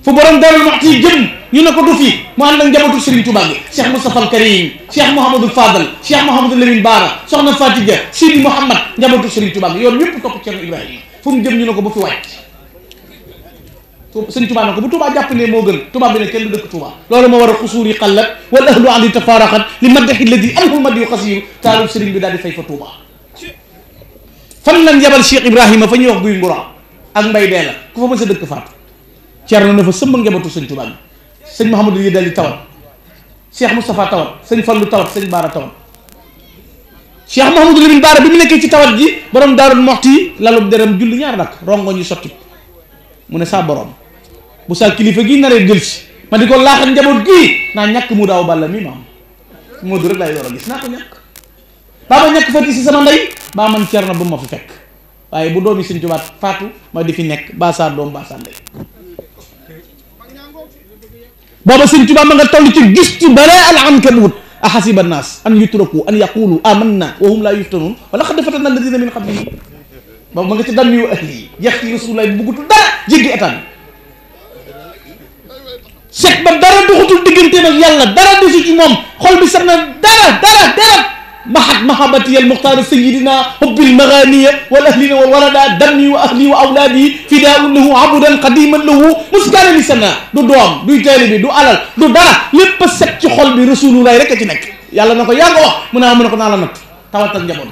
fu borom Daaru Muxti jëm ñu ne ko du fi mu ànd ak njabootu Serigne Touba gi Cheikh Moustapha al Karim Cheikh Mouhamadou Fadal Cheikh Mouhamadou Lamine Bara soxna Fatiga Sidi Mouhamad njabootu Serigne Touba gi yoon ñëpp topp Cerno Ibrahima fu mu ñu ne ko bu fi wàcc Sëñ Touba na ko bu Touba jàpp ne moo gën Touba bi ne kenn du dëkk Touba loolu moo war a xusuur yi xallat wal ahlu an di tafaaraxat li maddaxi ladi anhu mad yu xasiyu taalub Serigne bi daal di fay fa Touba fan lan yabal Cheikh Ibrahima fa ñuy wax guy ngura ak mbay dee la ku fa mës a dëkk ceerno na fa sëmb njabootu seigne touba seigne sëñ Mouhamadou dali tawat Cheikh mustapha tawat seigne Fallu tawat seigne bara tawat Cheikh Mouhamadou bin bara bi mu ci tawat ji borom daarul moxti lalub deram julli ñaar nak rongo ñu soti mu ne sa borom bu sa kilifa gi naree gel ci ma di laax ak gi na ñak mu daw balla mi mam am rek lay door gis naa ko ñàkk baa ma ñàkk sama nday ba man ceerno bu ma fi fek waye bu doomi seigne touba fatou ma di fi nek ba sa dom ba sa nday booba sëñ Tuubaa ma nga toll ci gistu balaa al ankabut ahasiba annaas an yutraku an yaqulu amanna wa hum laa yuftanun wa laqad fatanna alladina min qablihim booba ma nga ci dam yu ahli yaqi rasulullah bi buggutul dara jéggi étaan set ba dara doxatul digganteem ak yàlla dara desu ci moom xol bi set na dara dara dara محق محبتي المختار سيدنا حب المغاني والأهل والولد دمي وأهلي وأولادي فداء له عبدا قديما له مسكان لسنا دو دوام دو جالبي دو ألال دو دارا لب سك خلب رسول الله ركا جنك يا الله نكو يا الله منا منكو نالا نك تواتا جابون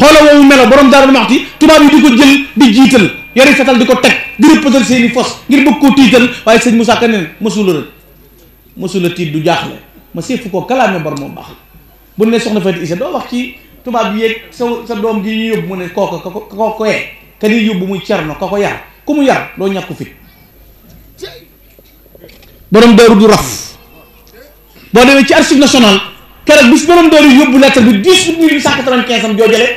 خلو ومالا برم دار المعطي تبا بي دي جل دي جيتل يري ستال دي كو سيني فخ غير بكو تيتل وايسي موسى كنين mësula tiit du jaaxle ma séfu ko kalaame bar moom baax bu ne soxna Faty Issa doo wax ci tubaab bi yeeg sa sa doom ji ñu yóbbu mu ne kooka ka ko koyee ka di yóbbu muy cerno ko yar ku mu yar doo ñàkku fit borom dooru du raf boo demee ci archive nationale keroog bis borom dooru yóbbu lettre bi 10 août 1895 am joojale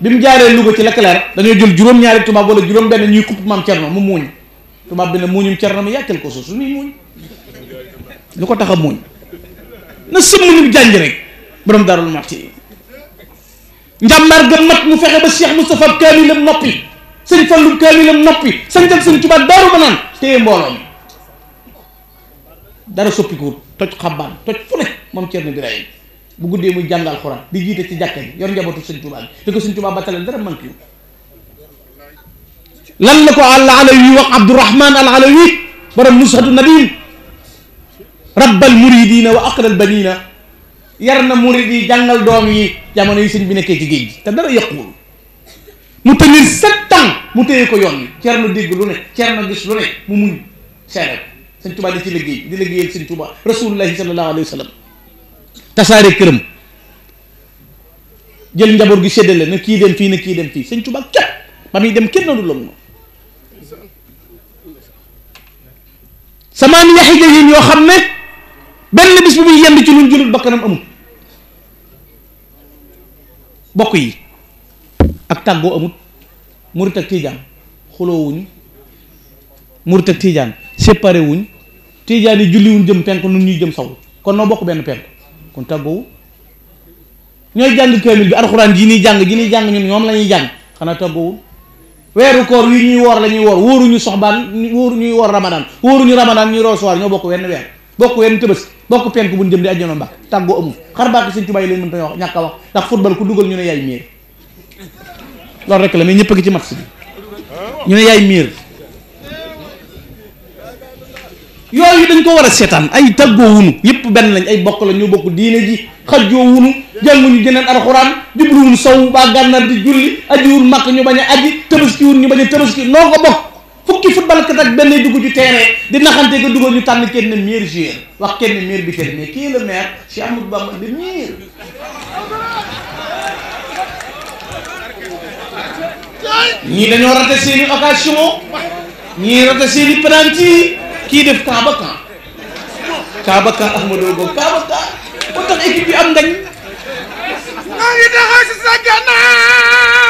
bi mu jaaree Louga ci Leclerc dañoo jël juróom-ñaari tubaab wala juróom benn ñuy kupp maam cerno mu muuñ tubaab bi ne muuñum cerno mi yàkkal ko suuf su muy muuñ lu ko tax muñ na sëmm ni jang rek borom darul maxti njàmbaar ga mat mu fexé ba cheikh am nopi noppi sëñ kamil am nopi sëñ jël sëñ tubaat daaru ma naan téye mbolom dara soppi ko toj xabban toj fu ne moom ceerno birahim bu guddee muy jàngal xuraan di jité ci jakkay yor njabootu sëñ touba te ko sëñ touba ba dara manqué lan lako ko al alawi wax abdourahman al alawi borom nusxatu nadim rabbal muridina wa aqlal banina yar na murid yi jàngal doom yi jamono yi sëñ bi nekkee ci géej gi te dara yàquwul mu tenir sept ans mu téye ko yoon wi ceerno dégg lu ne ceerno gis lu ne mu muñ seere ko sëñ Tuubaa di ci liggéey di liggéeyal sëñ Tuubaa rasulullahi sallallahu alayhi wa sallam tasaare këram jël njaboot gi séddale na kii dem fii na kii dem fii sëñ Tuubaa képp ba muy dem kenn du lom noonu samaan yaxi jahim yoo xam ne benn bis bu muy yend ci luñ julul bakkanam amul bokk yi ak tàggoo amut murit ak tijaan xuloo wuñ murit ak tijaan séparé wuñ tijaan yi julli wuñ jëm penk nun ñuy jëm saw kon noo bokk benn penk kon tàggoo ñooy jàng kamil bi alxuraan ji ni jàng ji ni jàng ñun ñoom lañuy jàng xanaa tàggoowul weeru koor yi ñuy woor lañuy woor wóoruñu soxbaan wóoruñuy woor ramadan wóoruñu ramadan ñuy rosoir ñoo bokk wenn weer bokku yenn tebes bokku penku buñu jëm di ajjana mbak taggo amu xar bàkk sëñ yi leen mën ta wax ñaka wax ndax football ku duggal ñu ne yaay mir lool rek la mais ñepp gi ci match bi ñu ne yaay miir yooyu dañ ko wara setan ay taggo wuñu yëpp ben lañ ay bokk la ñu bokk diine ji xajjo wuñu xajjoo ñu jànguñu alquran jibru wuñu saw ba gànnaar di julli ajiwul mak ñu baña a aji tëbaski wun ñu bañ a tëbaski noo bokk fukki football kat ak benn dugg ci terrain di naxante nga dugal ñu tànn kenn meilleur joueur wax kenn meilleur buteur mais qui est le maire Cheikh Amadou Bamba le meilleur. ñii dañoo raté seen i occasion ñii raté seen i penalty kii def Kaaba Ka Kaaba Ka Ahmadou Ba tax équipe bi am ndañ. maa ngi taxaw si sa gannaaw.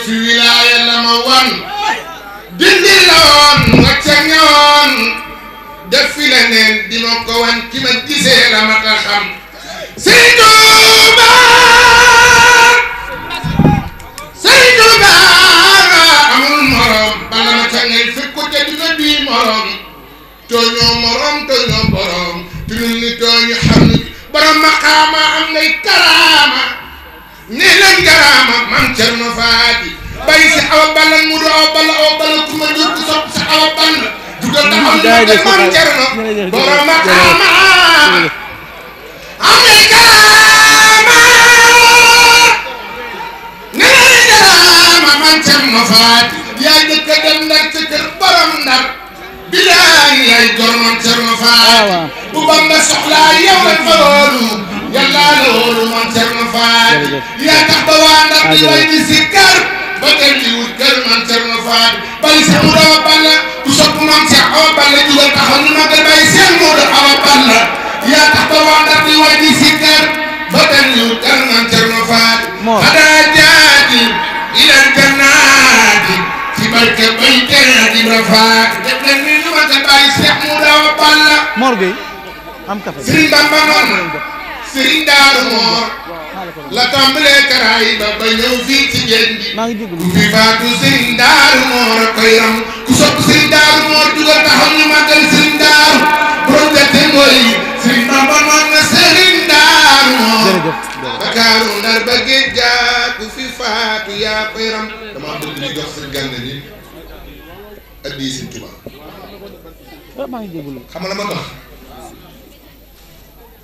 ci wilaaya la ma wan dindi la woon wacca ñoon def fi la neen di ma ko wan ki ma gisee la ma ta xam sëñ Tuuba sëñ Tuuba amul morom bala ma ca ngay fekku te dina bii morom tooñoo morom tooñoo borom te ñun ni tooñu xam ni borom maqaama am nay karaama nee leen garaama maam Cerno Faati bay si awa balla mu du awa balla awa balla ku ma ku sopp sa awa balla dugal taxaw na te ma ama am leen garaama nee leen garaama maam Cerno Faati yaa jëkk a dem ndar ca kër borom ndar ah, bu Bamba soxlaa yow lañ yàlla loolu moom Cerno Faati yaa tax ba waa Ndar di way di si kër ba tey di wut kër moom Cerno Faati bàyyi seen mu dawa balla ku sopp moom Seex Awa Balla jugal taxaw ñu magal bàyyi seen mu dawa Awa Balla yaa tax ba waa Ndar di way di si kër ba tey di wut kër moom Cerno Faati xadaa jaati ilal jannaati ci barke bay tenaat Ibra Faati def leen ni ñu magal bàyyi Seex mu dawa Balla Mor Gueye am café Sëriñ Bamba noonu sëriñ Daara Moor la tàmbalee karaay ba ba ñëw fii ci géej gi. maa ngi déglu ku fi faatu sëriñ Daara Moor a koy ram ku sopp sëriñ Daara Moor dugal taxaw ñu màggal sëriñ Daara borom gerte mooy sëriñ Bamba man na sëriñ Daara Moor. Dakaaru Ndar ba géej ga ku fi faatu yaa koy ram damaa bëgg ñu jox sëriñ Gana ni addi sëriñ Tuubaa. Ah, maa ngi déglu xam la ma tax.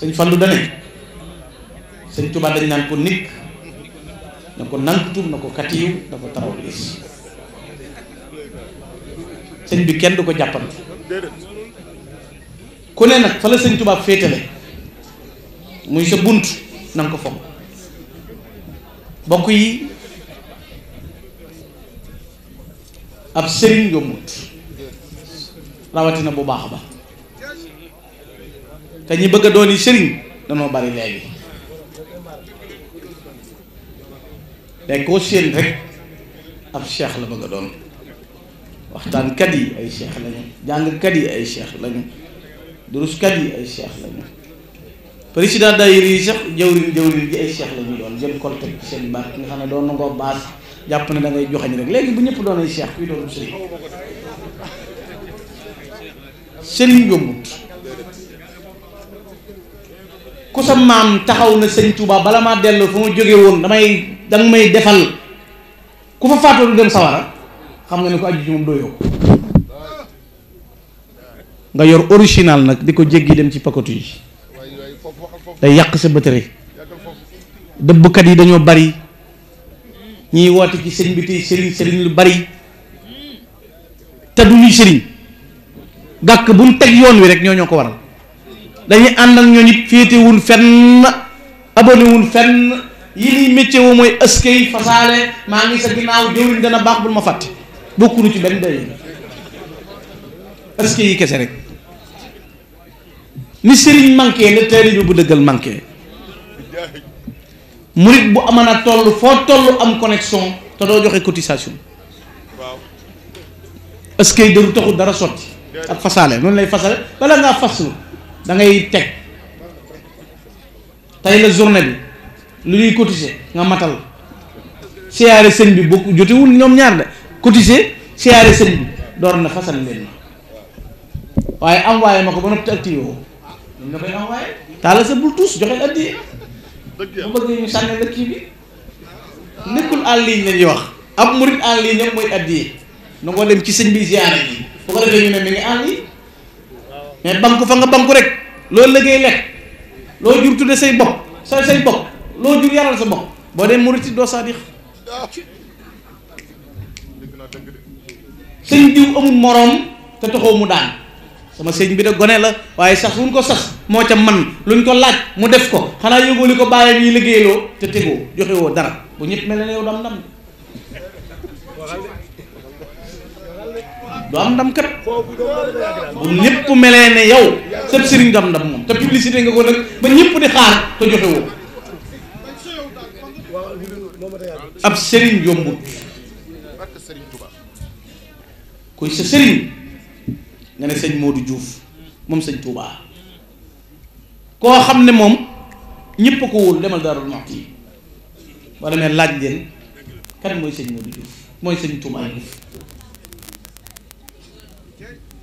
sëñ Fallu dane sëñ Tuubaa dañ naan ko nikk na ko nankutum na ko katiyu na ko taraw gis sëñ bi kenn du ko jàppante ku ne nag fa sëñ tubaab féetale muy sa bunt na nga ko bokk yi ab sëriñ yombut rawatina bu baax ba te ñi bëgg a doon yi sëriñ danoo bari léegi léegi koo séen rek ab cheikh la bëgg a doon waxtaankat yi ay cheikh lañu jàngkat yi ay cheikh lañu duruskat yi ay cheikh lañu président daayira yi sax jawrin jawrin ji ay cheikh la ñu doon jël kol teg seen baat nga xam ne doon na ngoo baas jàpp ne dangay ngay joxañ rek léegi bu ñëpp doon ay cheikh kuy doon sëriñ sëriñ yombut ku sa mam taxaw na sëñ Touba bala ma delu fu mu joge won damay dang may defal ku fa fatou dem sawara xam nga ni ko aji ci do yo nga yor original nak, diko jeggi dem ci pakatu yi day yak sa deub kat yi daño bari ñi wote ci sëñ bi tey sëriñ lu bari ta duñu ñuy gak gàkk tek yoon wi rek ñoo ko waral dañuy ànd ak ñooñu féetewul fenn abonewul fenn yi liy métier woo mooy ëskey fasaale maa ngi sa ginnaaw jëwriñ a baax bul ma fàtte bokkunu ci benn day ëskey yi kese rek ni sëriñ manqué la taalibe bu dëggal manqué murit bu aman a toll foo toll am connexion te doo joxe cotisation ëskey dëru taxul dara sotti ak fasaale noonu lay fasale bala ngaa faslu da ngay teg tey la journée bi lu ñuy cotiser nga matal siyaare sëñ bi bokk jotewul ñoom ñaar de cotiser siyaare sëñ bi door na fasal leen ma waaye envoyé ma ko ba noppi activé woo ñu nga koy sa bul tuus joxe addi kii bi nekkul en ligne la ñuy wax ab murit àll ligne am mooy addi na nga dem ci sëñ bi siyaare bi bu ko defee ñu ne mi ngi en ligne mais banku fa nga banku rek loo liggéey lekk loo jur tudde say bopp say say bopp loo jur yaral sa bopp boo dee murit doo saadix sëñ diw amul moroom te taxaw mu daan sama sëñ bi de gone la waaye sax wuñ ko sax moo ca man luñ ko laaj mu def ko xanaa yëgoo li ko bàyyam liggéey liggéeyloo te tegoo joxewoo dara bu ñëpp mel ne yow dam dam du am ndam kat bu ñëpp melee ne yow sëb sëriñ du am moom te publicité nga ko nag ba ñëpp di xaar te joxe woo ab sëriñ yombut kuy sa sëriñ nga ne sëñ Modou juuf moom sëñ Touba koo xam ne moom ñëpp ko wóolu demal Daarul Muxti ba demee laaj leen kan mooy sëñ Modou Diouf mooy sëñ Touba Diouf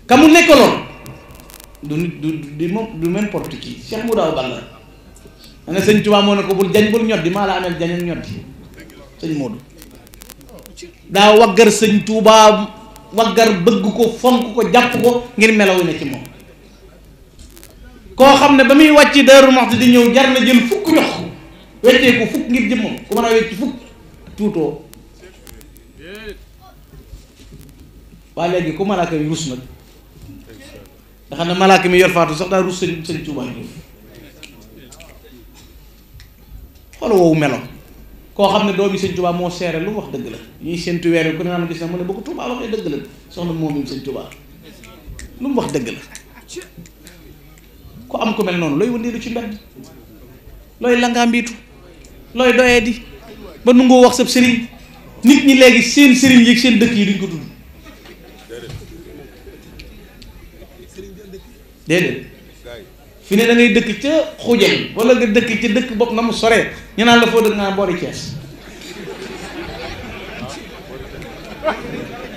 ka mu nekkaloon du nit du du moom du n'importe qui Cheikh Moudou Awa Balla ma ne sëñ Tuubaa moo ne ko bul jañ bul ñoddi maa la ameel jañ ak ñoddi sëñ Modou daa waggar sëñ Tuubaa waggar bëgg ko fonk ko jàpp ko ngir melawu ne ci moom koo xam ne ba muy wàcc Daaru Muxti di ñëw jar na jël fukk ñox weccee ko fukk ngir jëmmam ku mën a wecc fukk tuutoo waa léegi ku malaaka yi rus nag nga xam ne malaaka mi yor faatu sax daa rus sëriñ sëriñ Tuubaa yi xoola woowu melo koo xam ne doomi sëñ Tuubaa moo seere lu mu wax dëgg la ñuy séntu weer yi ku ne naan moom mi sëñ Tuubaa lu mu wax dëgg la ku am ku mel noonu looy wëndeelu ci mbedd looy langaa mbiitu looy doyee di ba nungoo wax sab sëriñ nit ñi léegi seen sëriñ yi seen dëkk yi duñ ko tudd déedéet fi ne da ngay dëkk ca xujañ wala nga dëkk ca dëkk bopp na mu soree ñu naan la foo dëkk nga boori Cees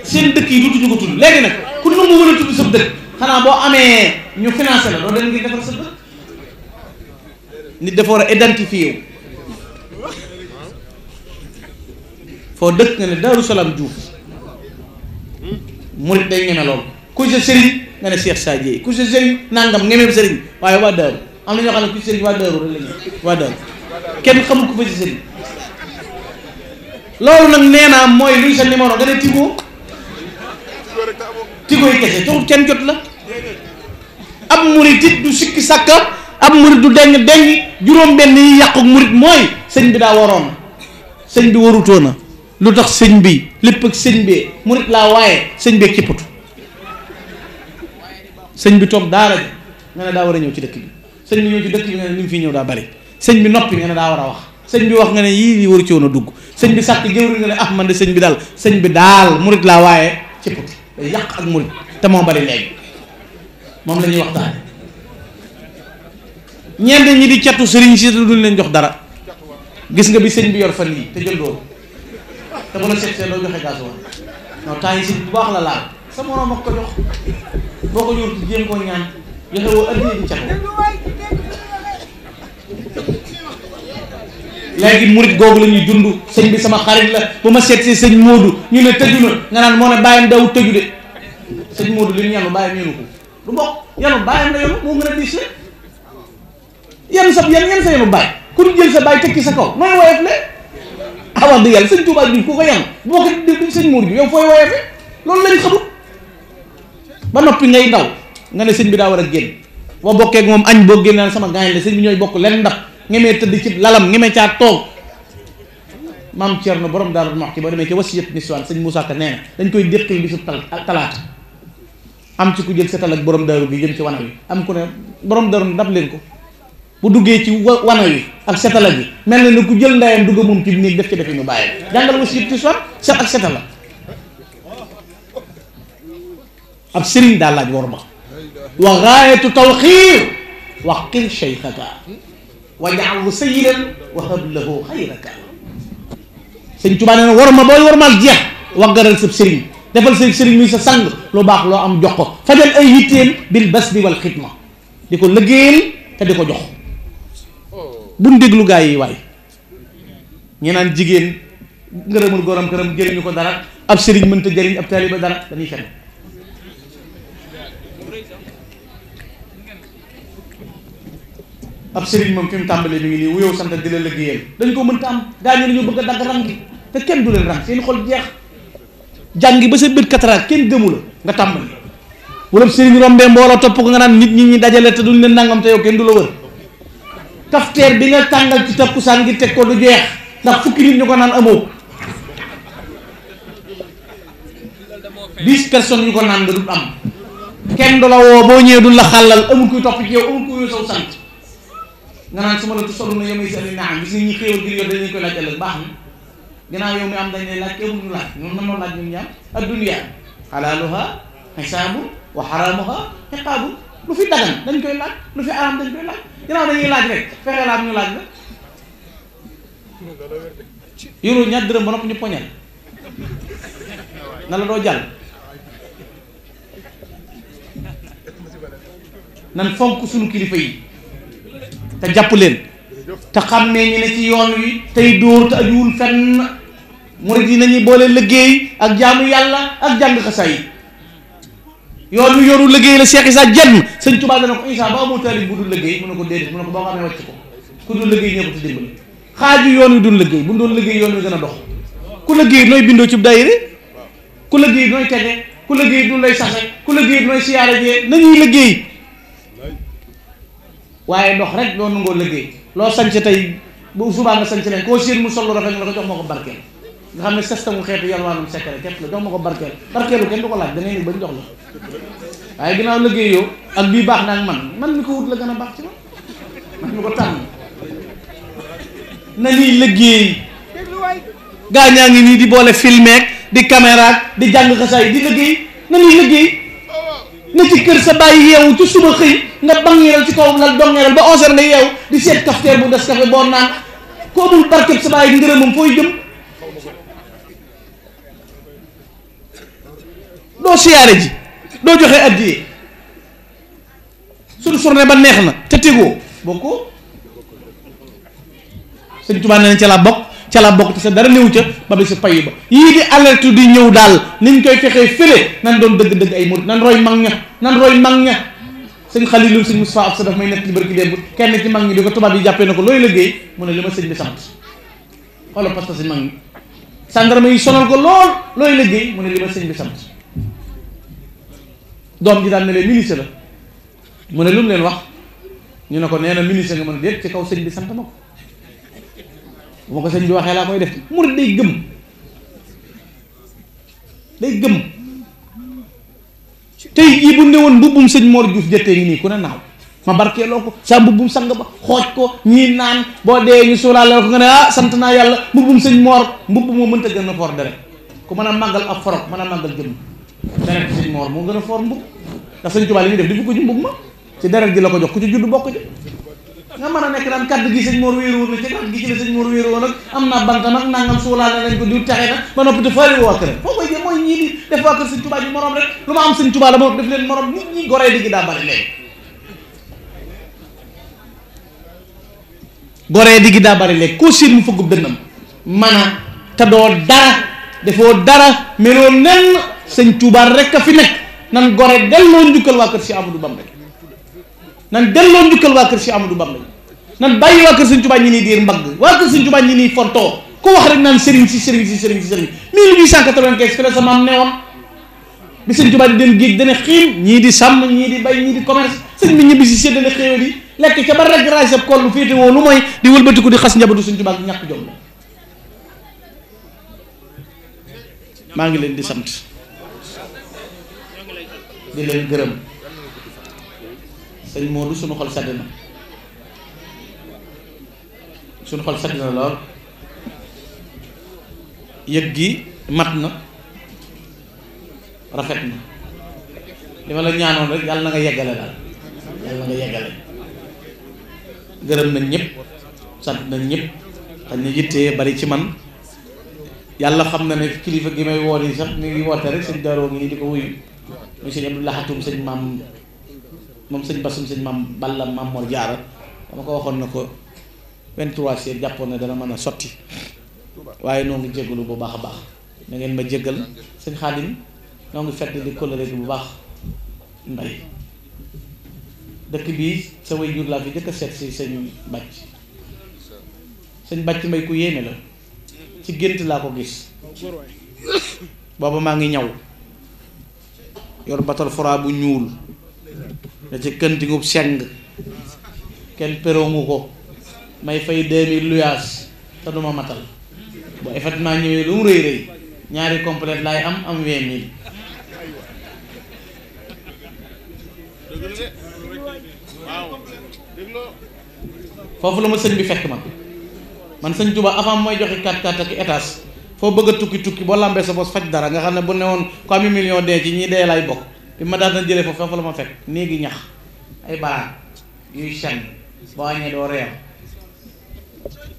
seen dëkk yi dutuñu ko tudd léegi nag ku nu mu mën a tudd sa dëkk xanaa boo amee ñu financé la loolu dañ ngi defar sa dëkk nit dafa war a identifié foo dëkk nga ne Daaru Salaam Diouf murit day ñeme lool kuy sa sëriñ nga ne Cheikh Sadio yi ku si sëriñ nangam ngemeem sëriñ waaye waa Daaru am na ñoo xam ne ku sëriñ waa la ñu waa Daaru kenn xamul ku fa si sëriñ loolu nag nee naa mooy luy sa numéro nga ne Tigo Tigo yi kese taxul kenn jot la ab murit it du sikki sàkka ab murit du deng deng juróom-benn yi yàqu murit mooy sëñ bi daa waroon sëñ bi na lu tax sëñ bi lépp ak sëñ bi murit laa waaye sëñ bi kippatu sëñ bi toog daara ja nga ne daa war a ñëw ci dëkk bi sëñ bi ñëw ci dëkk bi nga ne ni mu fi ñëw daa bari sëñ bi noppi nga ne daa war a wax sëñ bi wax nga ne yii yi waru ci woon a dugg sëñ bi sàkk jëwri nga ne ah man de sëñ bi daal sëñ bi daal murit laa waaye ci put day yàq ak murit te moo bari léegi moom la ñuy waxtaane ñenn ñi di catu sëriñ si duñ leen jox dara gis nga bi sëñ bi yor fa yii te jëndoo te bu la seet see doo joxe gaas woon non temps yi si bu baax la laal sa moroom ak ko jox boo ko ñëw ci jéem koo ñaan joxe woo addiyee bi cax léegi murit googu la ñuy dund sëñ bi sama xarit la bu ma seet si sëñ Moodu ñu ne tëju na nga naan moo ne bàyyam daw tëju de sëñ Moodu li ñu yanu bàyyam yenu ko du bokk yanu bàyyam la sa yan yan sa yenu bàyyi ku du jël sa sa kaw nooy woyof le ah wax yàlla sëñ Tuubaa bi ku ko yanu boo ko di sëñ Moodu bi yow fooy woyofe loolu lañ xamul ba noppi ngay daw nga ne seigne bi da wara genn bo bokke ak mom agn bo genn sama gaay la seigne bi ñoy bokku len ndab ngemee tëdd ci lalam ngemee caa tok mam cierno borom daaru Moxti boo demee ci wasiyat niswaan seigne Moussa Ka neena dañ koy bi bisu tal talat am ci ku jël setal ak borom daaru bi jëm ci wanawi am ku ne borom daaru ndap len ko bu duggé ci wana wi ak setal bi melni ku jël ndayam dugg mom ci néeg def ci def ñu wasiyat ak ab sëriñ daa laaj war ma wa gaayatu tawxiir waqir cheikhaka wajaalhu sayidan wa hab lahu xayraka sëñ tubaa nee na war ma booy war maal jeex waggaral sab sëriñ defal sëriñ sëriñ mi sa sang lu baax loo am jox ko fajal ay hitteel bil basdi wal khidma, di ko lëggéeyal te di ko jox buñ déglu gaa yi waay ñi naan jigéen ngërëmul goram këram jëriñu ko dara ab sëriñ mënta jëriñ ab taaliba dara dañuy fen ab serigne mom fim tambalé mi ngi ni wuyo sante di la liggéeyal dañ ko mën tam gaañu ñu bëgg dag rang gi té kenn du leen rang seen xol jeex jàngi ba sa bëtt katara kenn gëmu nga nga tàmbali serigne sëriñ mbolo top ko nga nan nit ñi dajalé té te duñ leen nangam té yow kenn du la wër kafteer bi nga tangal ci takkusaan gi té ko du jeex da fukki nit ñuko nan naan amoo dix personnes ñuko nan du am kenn do la wo bo ñew du la xalal amul kuy top ci yow amul kuy yow sante nga naan su ma la solu na yemay si ani gis nga ñi gi yor dañu koy laaj ëllëg baax na yow mi am dañ lay laaj képp ñu laaj nan wa lu fi dagan dañ koy laaj lu fi aram dañ koy laaj ginnaaw dañuy laaj rek fexe laam ñu laaj la yoru ñaar dërëm ba nopp ñu poñal na la doo jàll nan fonk sunu kilifa yi te jàpp leen te xàmmee ñi ne ci yoon wi tey dóor te ajuwul fenn murid yi nañu boole liggéey ak jaamu yàlla ak jàng xasaay yi yoon wi yoonu liggéey la Cheikh jenn sëñ Tuubaa dana ko Issa ba amul bu mu ne ko déedéet mu ko boo xamee wàcc ko ku dul liggéey ñëpp ci dimbali xaaju dul liggéey bu ñu doon liggéey yoon wi gën a dox ku liggéey nooy bindoo ci daayira ku liggéey nooy tege ku liggéey du lay saxe ku liggéey nooy siyaare jee nañuy liggéey waye dox rek doo nangoo liggéey loo sanc tay bu suba nga sanc len ko sir mu sol lu rafet nga jox ma barkel barkeel nga xam ne système yalla yalwaanum secret kep la jox ma barkel barkel ken duko laaj da ni bañ jox la waye ginaaw liggey yo ak bi bax nak man man mi ko wut la gëna bax ci man man mi ko tànn na ni liggey gaa ñaa ngi di bolé filmé di caméra di jang xassay di liggey na ni liggey ne ci kër sa bàyyi yeewu ci suba xëy nga bangeeral ci kaw lal dongeeral ba onze heures nga yeewu di seet cafetière bu des café boo naan koo amul barkeb sa bàyyi ngërëmam fooy jëm doo siyaare ji doo joxe addiye suñu journée ba neex na te tegoo bokkoo sëñ Tuubaa nee na ca la bokk ca la bokk te sa dara newu ca ba bi si payu ba yii di alerte di ñëw daal niñ koy fexee fële nan doon dëgg-dëgg ay mur nan roy mag ña nan roy mag ña sëñ xalilu sëñ Moussa sa daf may nekk ci barki démb kenn ci mag ñi bi ko tubaab yi liggéey mu ne li ma sëñ bi sant xoolal pasta que si mag ñi yi sonal ko lool looy liggéey mu ne li ma sëñ bi sant doom ji daan ne leen milice la mu ne lu mu leen wax ñu ne ko nee na nga mën a ci kaw sëñ bi sant ma bu ma ko sëñ bi waxee laa koy def murid day gëm day gëm tey jii bu ne woon mbubbum sëñ moor guus jëttee ngi nii ku ne naaw ma barkeeloo ko sa mbubbum sang ba xooj ko ñii naan boo dee ñu suuraale ko nga ne ah sant naa yàlla mbubbum sëñ moor mbubb moo mënta gën a for dere ku mën a màggal ab forog mën a màggal jëm deret sëñ Mor moo gën a for mbubb ndax sëñ Tuubaa li muy def di ko ci mbubb ma ci deret ji la ko jox ku ci juddu bokk ci nga mën a nekk daan kaddu gi sëñ Mor wéeru woon na ci kaddu gi ci la sëñ am naa bant nag nangam suulaale lañ ko diw taxe na ba noppi te faali waa kër foo koy jël mooy ñii leen morom nit ñi goree diggi daa bari léegi goree diggi daa bari doo dara dara meloo nenn sëñ Tuubaa rek a fi nekk nan gore delloo njukkal waa kër si Amadou Bamba nan delo njukkal wa keur cheikh amadou bamba nan bayyi wa keur sëñ touba ñi ni dir mbag wa keur sëñ touba ñi ni fonto ku wax rek nan serigne ci serigne ci serigne ci serigne 1895 fi sama neewon bi sëñ touba di dem géej dene xim ñi di sam ñi di bay ñi di commerce sëñ bi ci sedde le xéewal yi lek ci ba rek rajab ko lu fete wo lu moy di wëlbatiku di xass njabootu sëñ touba ñak jom ma ngi len di sante di len gërëm sëñ Modou sunu xol sedd na sunu xol sedd na lool yëg gi mat na rafet na li ma la ñaanoon rek yàlla na nga yeggale daal yàlla na nga yeggale gërëm nañ ñëpp sant nañ ñëpp xam ne yittee bari ci man yàlla xam na ne kilifa gi may woon yi sax mi ngi woote rek sëñ Darou ngi di ko wuyu muy sëñ Abdou Lahatum sëñ maam moom sëñ basum sëñ mam balla mam mor jaara dama ko waxoon na ko 23 jàppoon na dana mën a sotti waaye noo ngi jégalu bu baax a baax na ngeen ma jégal sëñ xaadim noo ngi fedd di coloré bu baax nday dëkk bii sa way jur laa fi jëkk seet si sëñ bàcc sëñ bàcc ku yéeme la ci gént laa ko gis booba maa ngi ñaw yor batal fora bu ñuul da ci kën di ngub seng kenn pérongu ko may fay demi luyas ta duma matal bu événement ñëwee lu mu reey rëy ñaari complète lay am am 20000 fofu la ma sëñ bi fekk ma man señ tuba avant moy joxe 4 4 ak étage fo bëgg tukki tukki bo lambé sa boss fajj dara nga xamné bu néwon ko ami million dé ci ñi dé lay bok bi ma daan jëlee foofu xam fa la ma fekk néegi ñax ay baraan yu xam boo añee doo reer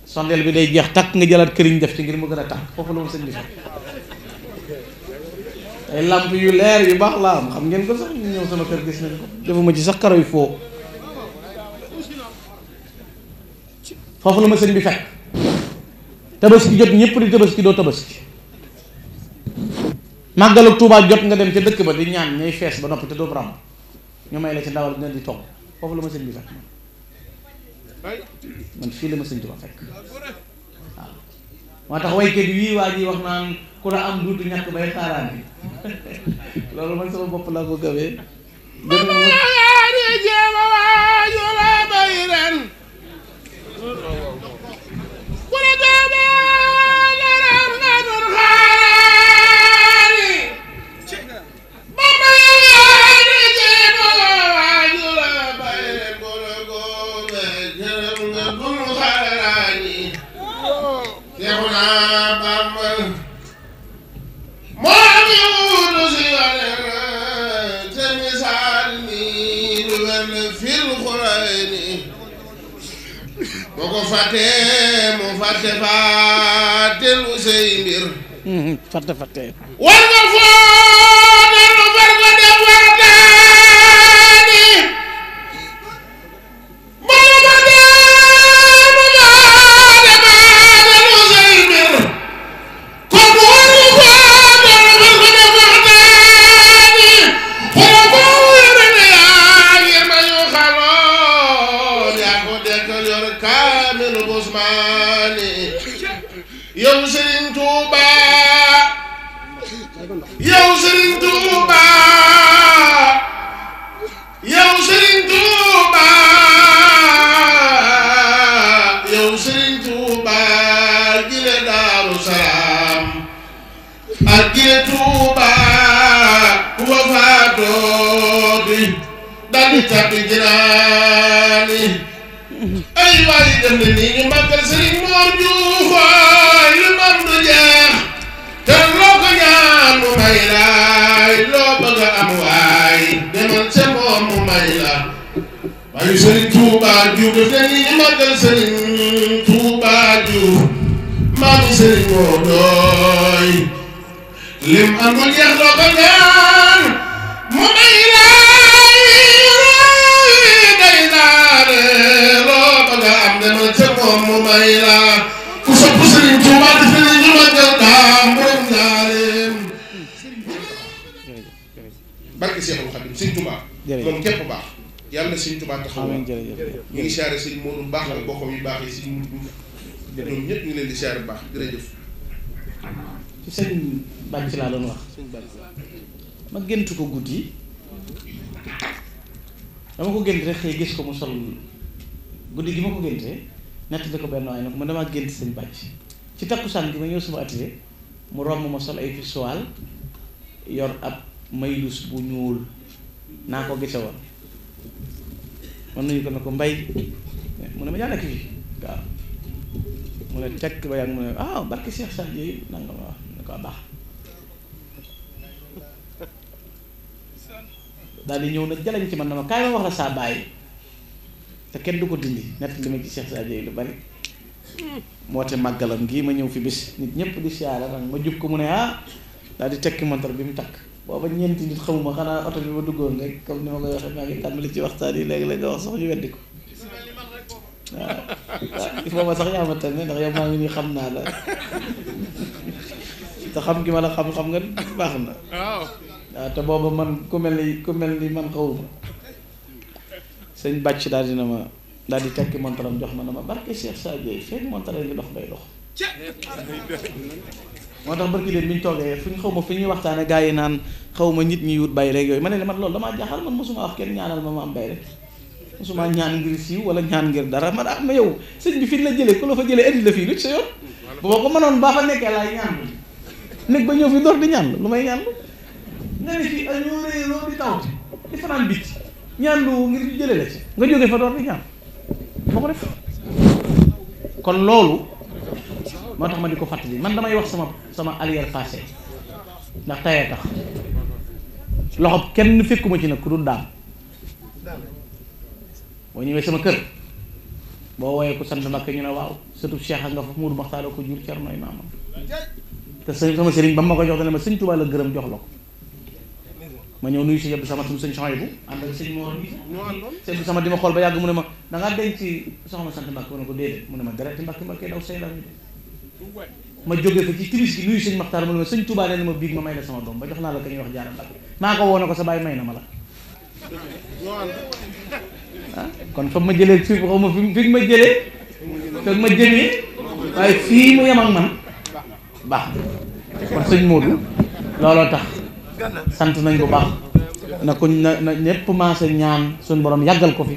sondeel bi day jeex tak nga jëlaat këriñ def ci ngir mu gëna a fofu la ma ay lamp yu leer yu bax laa xam ngeen ko sax ñu sama kër gis nañ ko defuma ci sax karo fo fofu la ma sëñ bi fekk tabaski jot ñepp di tabaski do tabaski màggalu Touba jot nga dem ci dekk ba di ñaan ñay fess ba nopi te do bram ñu may la ci ndawal ngeen di tok fofu la ma seen bi fekk man fi la ma seen Touba fekk waaw moo way ke di wi ji wax naan ku la am duutu ñak bay xaaraan bi [LAUGHS] loolu man sama bop la ko gawee jeema jaral nga dul xaaraani Seexuna Bamba moo am yuutu si yonen te misaal mi lu wenn fil xurayni boo ko fàttee mu fàtte fàtte lu say mbir fàtte fàtte war nga foo moom képp baax yàlla na sëñ Tuubaa taxaw ñu ngi siyaare sëñ Moodu baax la bokkam yu baax yi sëñ Moodu Diouf ñoom ñëpp ñu leen di siyaare baax jërëjëf bàjj laa doon wax suñ bàjj ma gént ko guddi dama ko gént rek xëy gis ko mu sol guddi gi ma ko géntee nettali ko benn waay ne ko man damaa gént gi ma ñëw mu romb ma sol ay visual yor ab maylus bu ñuul naa ko gise woon man nuyu ko ne ko mbay mu ne ma yaa nekk fii mu ne tekk ba yàgg mu ne ah barke Cheikh ya, Sadio yi nanga wax baax dal di ñew nak jalañ ci man dama kay ma wax la sa bàyyi te kenn du ko dindi net li ma ci Cheikh sadie lu bari moté magalam gi ma ñew fi bis nit ñepp di siara nak ma jub ko mu ne ha ah, dal di tekki mantar bi mu takk booba ñent nit xamuma xana auto bi ma duggoon rek comme ni ma koy waxe maa ngi tàmbali ci waxtaan yi leg la wax sax ñu weddi ko waaw ma sax yaa ma tànn ndax yow ma ngi ni xam naa la ta xam gi mala xam xam nga baxna waaw waa ah, te booba man ku mel ni ku mel ni man xawuma sëñ bàcc daal dina ma daal di tekki montaram jox ma na ma barke Cheikh sa yi fekk montaram ngi dox bay dox moo tax barki leen bi ñu toogee fu ñu xaw ma fi ñuy waxtaane gars yi naan xaw ma nit ñi wut bay rek yooyu ma ne man loolu damaa jaaxal man mosuma wax kenn ñaanal ma ma am bay rek mosuma ñaan ngir siiw wala ñaan ngir dara man am ah, ma yow sëñ bi fi la jëlee ku la fa jëlee indi la fii lu ci sa yoon boo ko ba ñëw fi door di may ñaan newe fi ak ñoo di tawte di fanaan bicc ñaan lu ngir ñu la ci nga jógee fa door di ñaan moo ko def kon loolu moo tax ma di ko fàttali man damay wax sama sama arrière passé ndax tayee tax loxob kenn fekkuma ci nag ku dul daam boo ñëwee sama kër boo woyee ku sant Mbakke ñu ne waaw sëtub Cheikh nga fa Mourou Maxtaar ko jur Cerno te sama sëriñ ba ma ko jox dana ma sëñ la gërëm jox la ko ma ñëw nuyu sëñ Abdou Samad mu sëñ Chouaïbou ànd ak sëñ Mor sëñ Abdou Samad di ma xool ba yàgg mu ne ma da ngaa denc soxna sant Mbàkke ma ne ko déedéet mu ne ma dara ci Mbàkke daw say la ma jógee fa ci timis gi nuyu sëñ Maxtaar mu ne ma sëñ Touba nee na ma biig ma may la sama doom ba jox naa la ko wax jaara Mbàkke maa ko woo na ko sa bàyyi may na ma la ah, kon fa ma jëlee fii xaw ma fi fi ma jëlee fa ma jëmee waaye fii mu yem ak man baax kon sëñ Modou looloo tax sant nañ bu baax na ko na ma sa ñaan sun borom yagal ko fi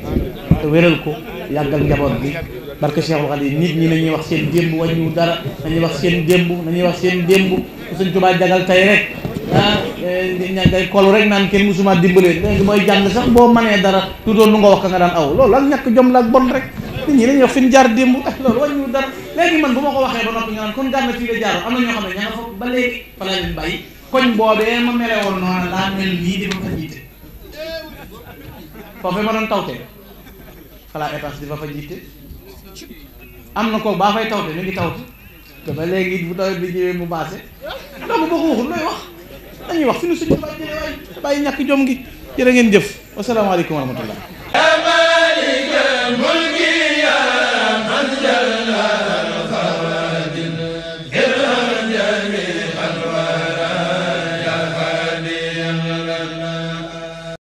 te wéral ko yagal njaboot bi barke cheikhul xadim nit ñi lañuy wax seen dembu wañu dara nañuy wax seen dembu nañuy wax seen dembu suñ tubaa jagal tay rek ah eh, ngay kol rek naan kenn musuma dimbalee léegi moy jang sax bo mané dara tuutoon lu nga wax ka nga daan aw lool ak ñak jom la bon rek nit ñi lañuy wax fi jaar dembu ah, lool wañu dara léegi man bu ma ko waxee ba noppi ñaan naan kon gànna fii la jaaroon am na ñoo xam fa ba léegi fa laa leen koñ boobee ma mere woon noonu laa mel nii di ma fa jiite foofee ma doon tawte xalaat étage di ma fa jiite am na kooku baa fay tawte mi ngi tawte te léegi bu tawet bi ñëwee mu baase ndax bu boo ko waxul looy wax dañuy wax suñu suñu bàyyi jële waay bàyyi jom gi jërë ngeen jëf wasalaamaaleykum wa rahmatullah